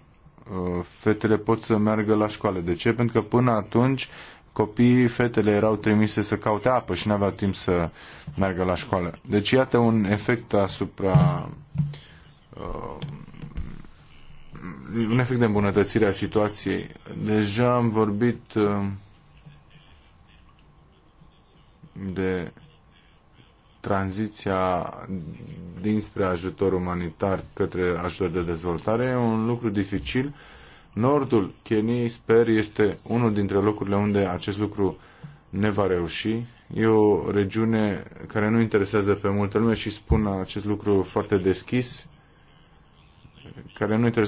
fetele pot să meargă la școală. De ce? Pentru că până atunci copiii, fetele erau trimise să caute apă și n-aveau timp să meargă la școală. Deci iată un efect asupra uh, un efect de îmbunătățire a situației. Deja am vorbit uh, de tranziția dinspre ajutor umanitar către ajutor de dezvoltare. E un lucru dificil uh, Nordul Keniei, sper, este unul dintre locurile unde acest lucru ne va reuși. E o regiune care nu interesează pe multă lume și spun acest lucru foarte deschis, care nu interesează